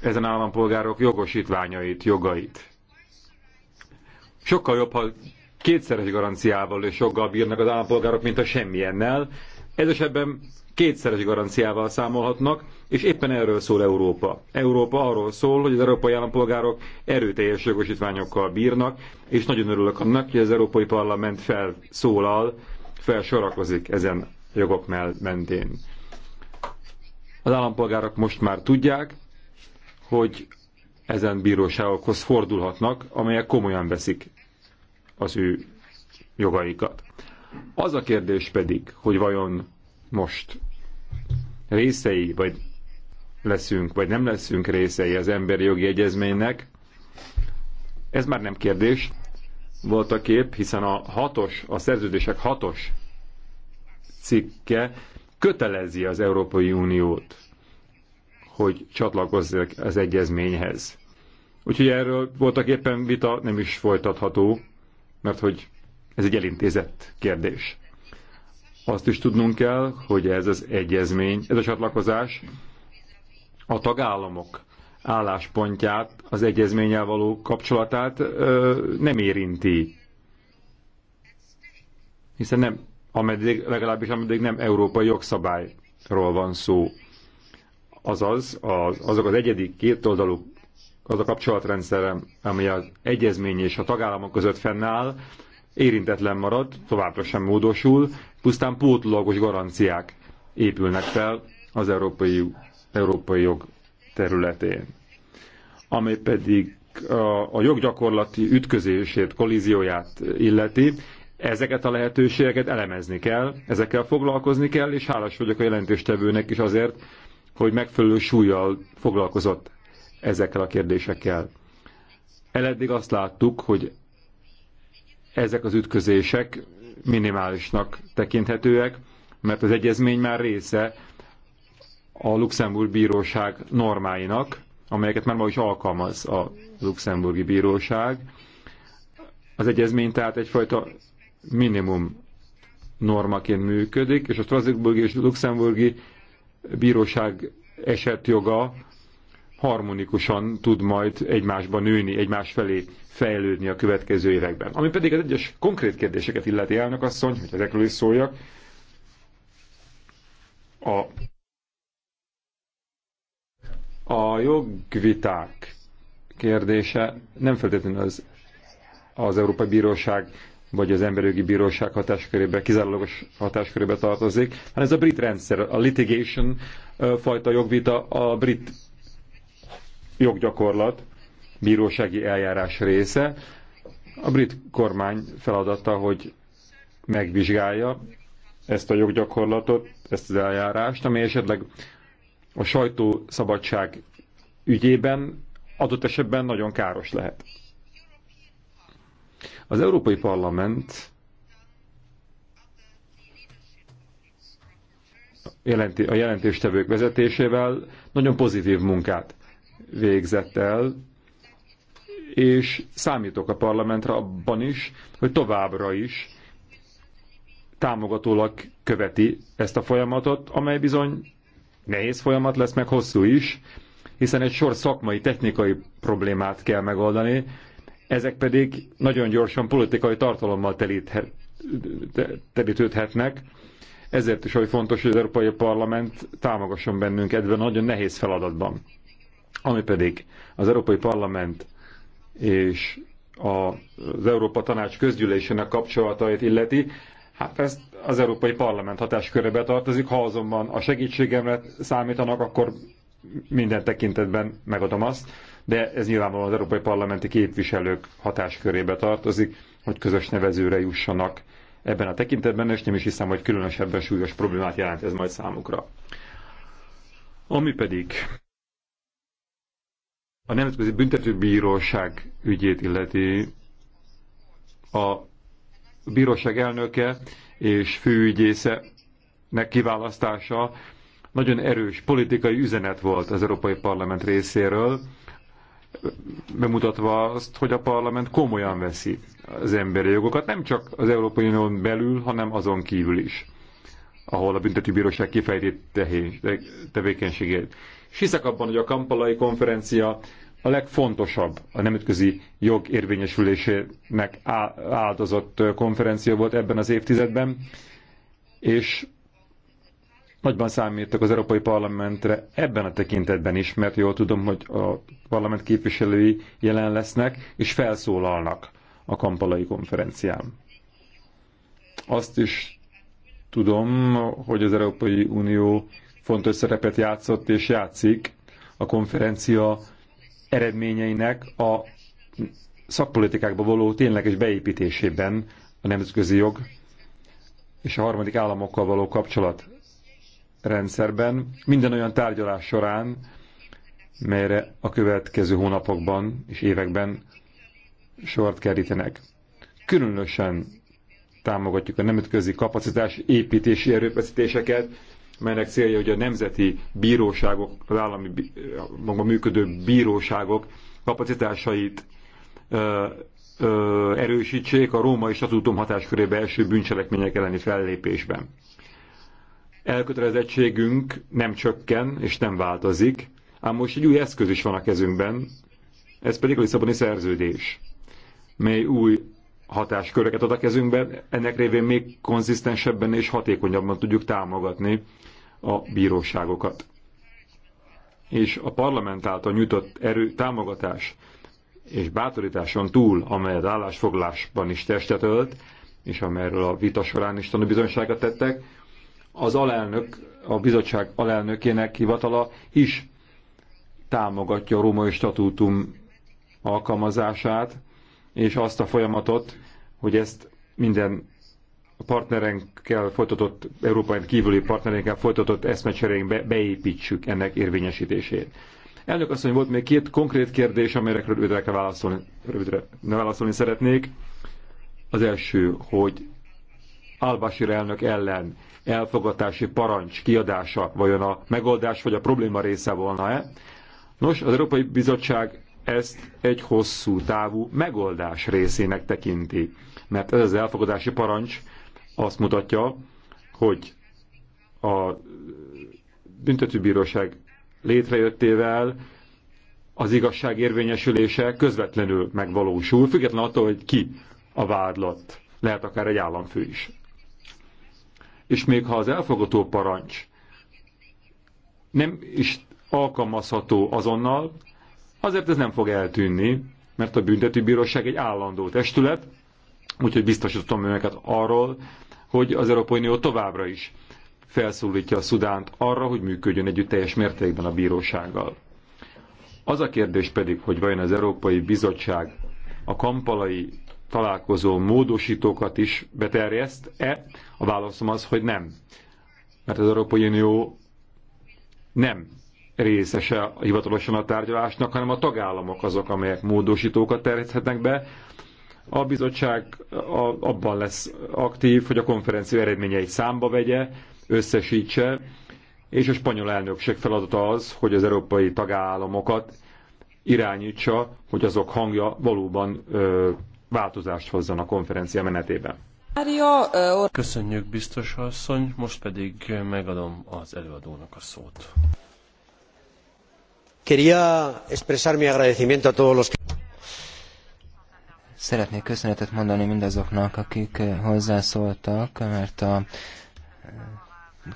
ezen állampolgárok jogosítványait, jogait. Sokkal jobb, ha kétszeres garanciával és joggal bírnak az állampolgárok, mint a semmilyennel. Ez esetben kétszeres garanciával számolhatnak, és éppen erről szól Európa. Európa arról szól, hogy az európai állampolgárok erőteljes jogosítványokkal bírnak, és nagyon örülök annak, hogy az Európai Parlament felszólal, felsorakozik ezen jogok mentén. Az állampolgárok most már tudják, hogy ezen bíróságokhoz fordulhatnak, amelyek komolyan veszik az ő jogaikat. Az a kérdés pedig, hogy vajon most részei vagy leszünk, vagy nem leszünk részei az emberi jogi egyezménynek, ez már nem kérdés volt a kép, hiszen a hatos, a szerződések hatos cikke kötelezi az Európai Uniót, hogy csatlakozzék az egyezményhez. Úgyhogy erről voltak éppen vita nem is folytatható, mert hogy ez egy elintézett kérdés. Azt is tudnunk kell, hogy ez az egyezmény, ez a csatlakozás a tagállamok álláspontját, az egyezménnyel való kapcsolatát ö, nem érinti. Hiszen nem, ameddig, legalábbis ameddig nem európai jogszabályról van szó. Azaz, az, azok az egyedi kétoldalú az a kapcsolatrendszerem, ami az egyezmény és a tagállamok között fennáll, érintetlen marad, továbbra sem módosul, pusztán pótlagos garanciák épülnek fel az Európai európai jog területén, ami pedig a, a joggyakorlati ütközését, kollízióját illeti, ezeket a lehetőségeket elemezni kell, ezekkel foglalkozni kell, és hálás vagyok a jelentéstevőnek is azért, hogy megfelelő súlyjal foglalkozott ezekkel a kérdésekkel. Eleddig azt láttuk, hogy ezek az ütközések minimálisnak tekinthetőek, mert az egyezmény már része a Luxemburg bíróság normáinak, amelyeket már ma is alkalmaz a luxemburgi bíróság. Az egyezmény tehát egyfajta minimum normaként működik, és a Strasbourg és luxemburgi bíróság esetjoga harmonikusan tud majd egymásba nőni, egymás felé fejlődni a következő években. Ami pedig az egyes konkrét kérdéseket illeti elnök asszony, hogy ezekről is szóljak, a a jogviták kérdése nem feltétlenül az, az Európai Bíróság vagy az Emberjogi Bíróság hatáskörébe, kizárólagos hatáskörébe tartozik, hanem ez a brit rendszer, a litigation fajta jogvita a brit joggyakorlat bírósági eljárás része. A brit kormány feladata, hogy megvizsgálja ezt a joggyakorlatot, ezt az eljárást, ami esetleg a sajtószabadság ügyében adott esetben nagyon káros lehet. Az Európai Parlament a jelentéstevők vezetésével nagyon pozitív munkát végzett el, és számítok a parlamentre abban is, hogy továbbra is támogatólag követi ezt a folyamatot, amely bizony Nehéz folyamat lesz, meg hosszú is, hiszen egy sor szakmai, technikai problémát kell megoldani, ezek pedig nagyon gyorsan politikai tartalommal telítődhetnek. Ezért is, hogy fontos, hogy az Európai Parlament támogasson bennünk ebben nagyon nehéz feladatban. Ami pedig az Európai Parlament és az Európa Tanács közgyűlésének kapcsolatait illeti, hát ezt az Európai Parlament hatáskörébe tartozik, ha azonban a segítségemre számítanak, akkor minden tekintetben megadom azt, de ez nyilvánvalóan az Európai Parlamenti képviselők hatáskörébe tartozik, hogy közös nevezőre jussanak ebben a tekintetben, és nem is hiszem, hogy különösebben súlyos problémát jelent ez majd számukra. Ami pedig a Nemzetközi Büntetőbíróság ügyét illeti a bíróság elnöke és főügyészenek kiválasztása nagyon erős politikai üzenet volt az Európai Parlament részéről, bemutatva azt, hogy a parlament komolyan veszi az emberi jogokat, nem csak az Európai Unión belül, hanem azon kívül is, ahol a büntetőbíróság kifejti tevékenységét. És hiszek abban, hogy a kampalai konferencia a legfontosabb a nemzetközi jog érvényesülésének áldozott konferencia volt ebben az évtizedben, és nagyban számítok az Európai Parlamentre ebben a tekintetben is, mert jól tudom, hogy a parlament képviselői jelen lesznek és felszólalnak a kampalai konferencián. Azt is tudom, hogy az Európai Unió fontos szerepet játszott és játszik a konferencia eredményeinek a szakpolitikákba való tényleges beépítésében a nemzetközi jog és a harmadik államokkal való kapcsolat rendszerben minden olyan tárgyalás során, melyre a következő hónapokban és években sort kerítenek. Különösen támogatjuk a nemzetközi kapacitás építési erőfeszítéseket, melynek célja, hogy a nemzeti bíróságok, az állami maga működő bíróságok kapacitásait ö, ö, erősítsék a római statútum hatáskörébe első bűncselekmények elleni fellépésben. Elkötelezettségünk nem csökken és nem változik, ám most egy új eszköz is van a kezünkben, ez pedig a Lisszaboni szerződés, mely új hatásköröket ad a kezünkbe, ennek révén még konzisztensebben és hatékonyabban tudjuk támogatni a bíróságokat. És a parlament által nyújtott erő, támogatás és bátorításon túl, amelyet állásfoglásban is testet ölt, és amelyről a vita során is tanúbizonyságot tettek, az alelnök, a bizottság alelnökének hivatala is támogatja a római statútum alkalmazását, és azt a folyamatot, hogy ezt minden partnerenkkel folytatott, európai kívüli partnerenkkel folytatott eszmecserénkbe beépítsük ennek érvényesítését. Elnök mondja, volt még két konkrét kérdés, amelyre rövidre, kell válaszolni, rövidre ne válaszolni szeretnék. Az első, hogy Albasir elnök ellen elfogatási parancs kiadása vajon a megoldás vagy a probléma része volna-e? Nos, az Európai Bizottság ezt egy hosszú távú megoldás részének tekinti. Mert ez az elfogadási parancs azt mutatja, hogy a büntetőbíróság létrejöttével az igazság érvényesülése közvetlenül megvalósul, függetlenül attól, hogy ki a vádlott. Lehet akár egy államfő is. És még ha az elfogadó parancs nem is alkalmazható azonnal, Azért ez nem fog eltűnni, mert a büntetőbíróság egy állandó testület, úgyhogy biztosítottam önöket arról, hogy az Európai Unió továbbra is felszólítja a Szudánt arra, hogy működjön együtt teljes mértékben a bírósággal. Az a kérdés pedig, hogy vajon az Európai Bizottság a kampalai találkozó módosítókat is beterjeszt-e? A válaszom az, hogy nem. Mert az Európai Unió nem részese hivatalosan a tárgyalásnak, hanem a tagállamok azok, amelyek módosítókat terjedhetnek be. A bizottság abban lesz aktív, hogy a konferencia eredményeit számba vegye, összesítse, és a spanyol elnökség feladata az, hogy az európai tagállamokat irányítsa, hogy azok hangja valóban ö, változást hozzon a konferencia menetében. Köszönjük, biztos asszony, most pedig megadom az előadónak a szót quería expresar mi agradecimiento a todos los Szeretnék köszönetet mondani mindazoknak, akik eh, hozzászóltak, mert a eh,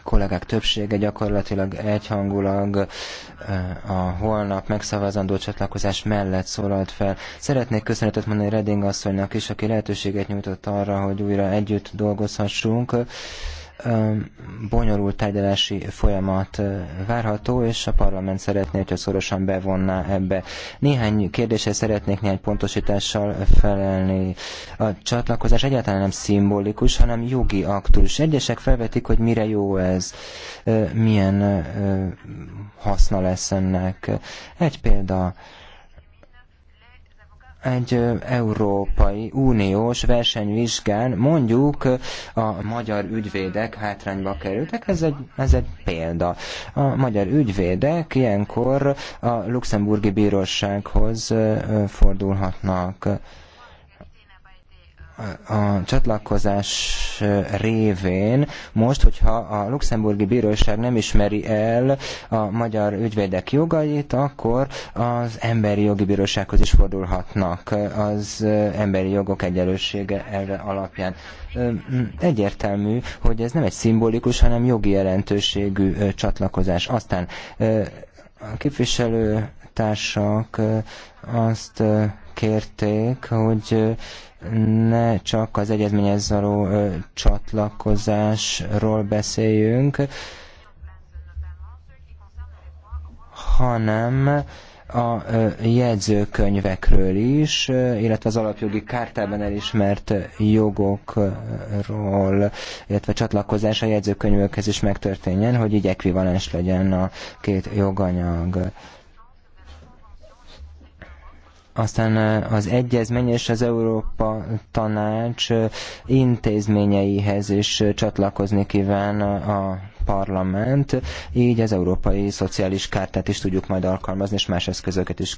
kollégák többsége gyakorlatilag egyhangulag eh, a holnap megszavazandó csatlakozás mellett szólalt fel. Szeretnék köszönetet mondani Reding asszonynak is, aki lehetőséget nyújtott arra, hogy újra együtt dolgozhassunk bonyolult tárgyalási folyamat várható, és a parlament szeretné, hogyha szorosan bevonná ebbe. Néhány kérdéssel szeretnék néhány pontosítással felelni. A csatlakozás egyáltalán nem szimbolikus, hanem jogi aktus. Egyesek felvetik, hogy mire jó ez, milyen haszna lesz ennek. Egy példa egy Európai Uniós versenyvizsgán mondjuk a magyar ügyvédek hátrányba kerültek, ez egy, ez egy példa. A magyar ügyvédek ilyenkor a luxemburgi bírósághoz fordulhatnak a csatlakozás révén most, hogyha a luxemburgi bíróság nem ismeri el a magyar ügyvédek jogait, akkor az emberi jogi bírósághoz is fordulhatnak az emberi jogok egyenlősége erre alapján. Egyértelmű, hogy ez nem egy szimbolikus, hanem jogi jelentőségű csatlakozás. Aztán a képviselőtársak azt kérték, hogy ne csak az egyezményhez való csatlakozásról beszéljünk, hanem a jegyzőkönyvekről is, illetve az alapjogi kártában elismert jogokról, illetve csatlakozás a jegyzőkönyvökhez is megtörténjen, hogy így ekvivalens legyen a két joganyag. Aztán az egyezmény és az Európa Tanács intézményeihez is csatlakozni kíván a parlament, így az Európai Szociális Kártát is tudjuk majd alkalmazni, és más eszközöket is.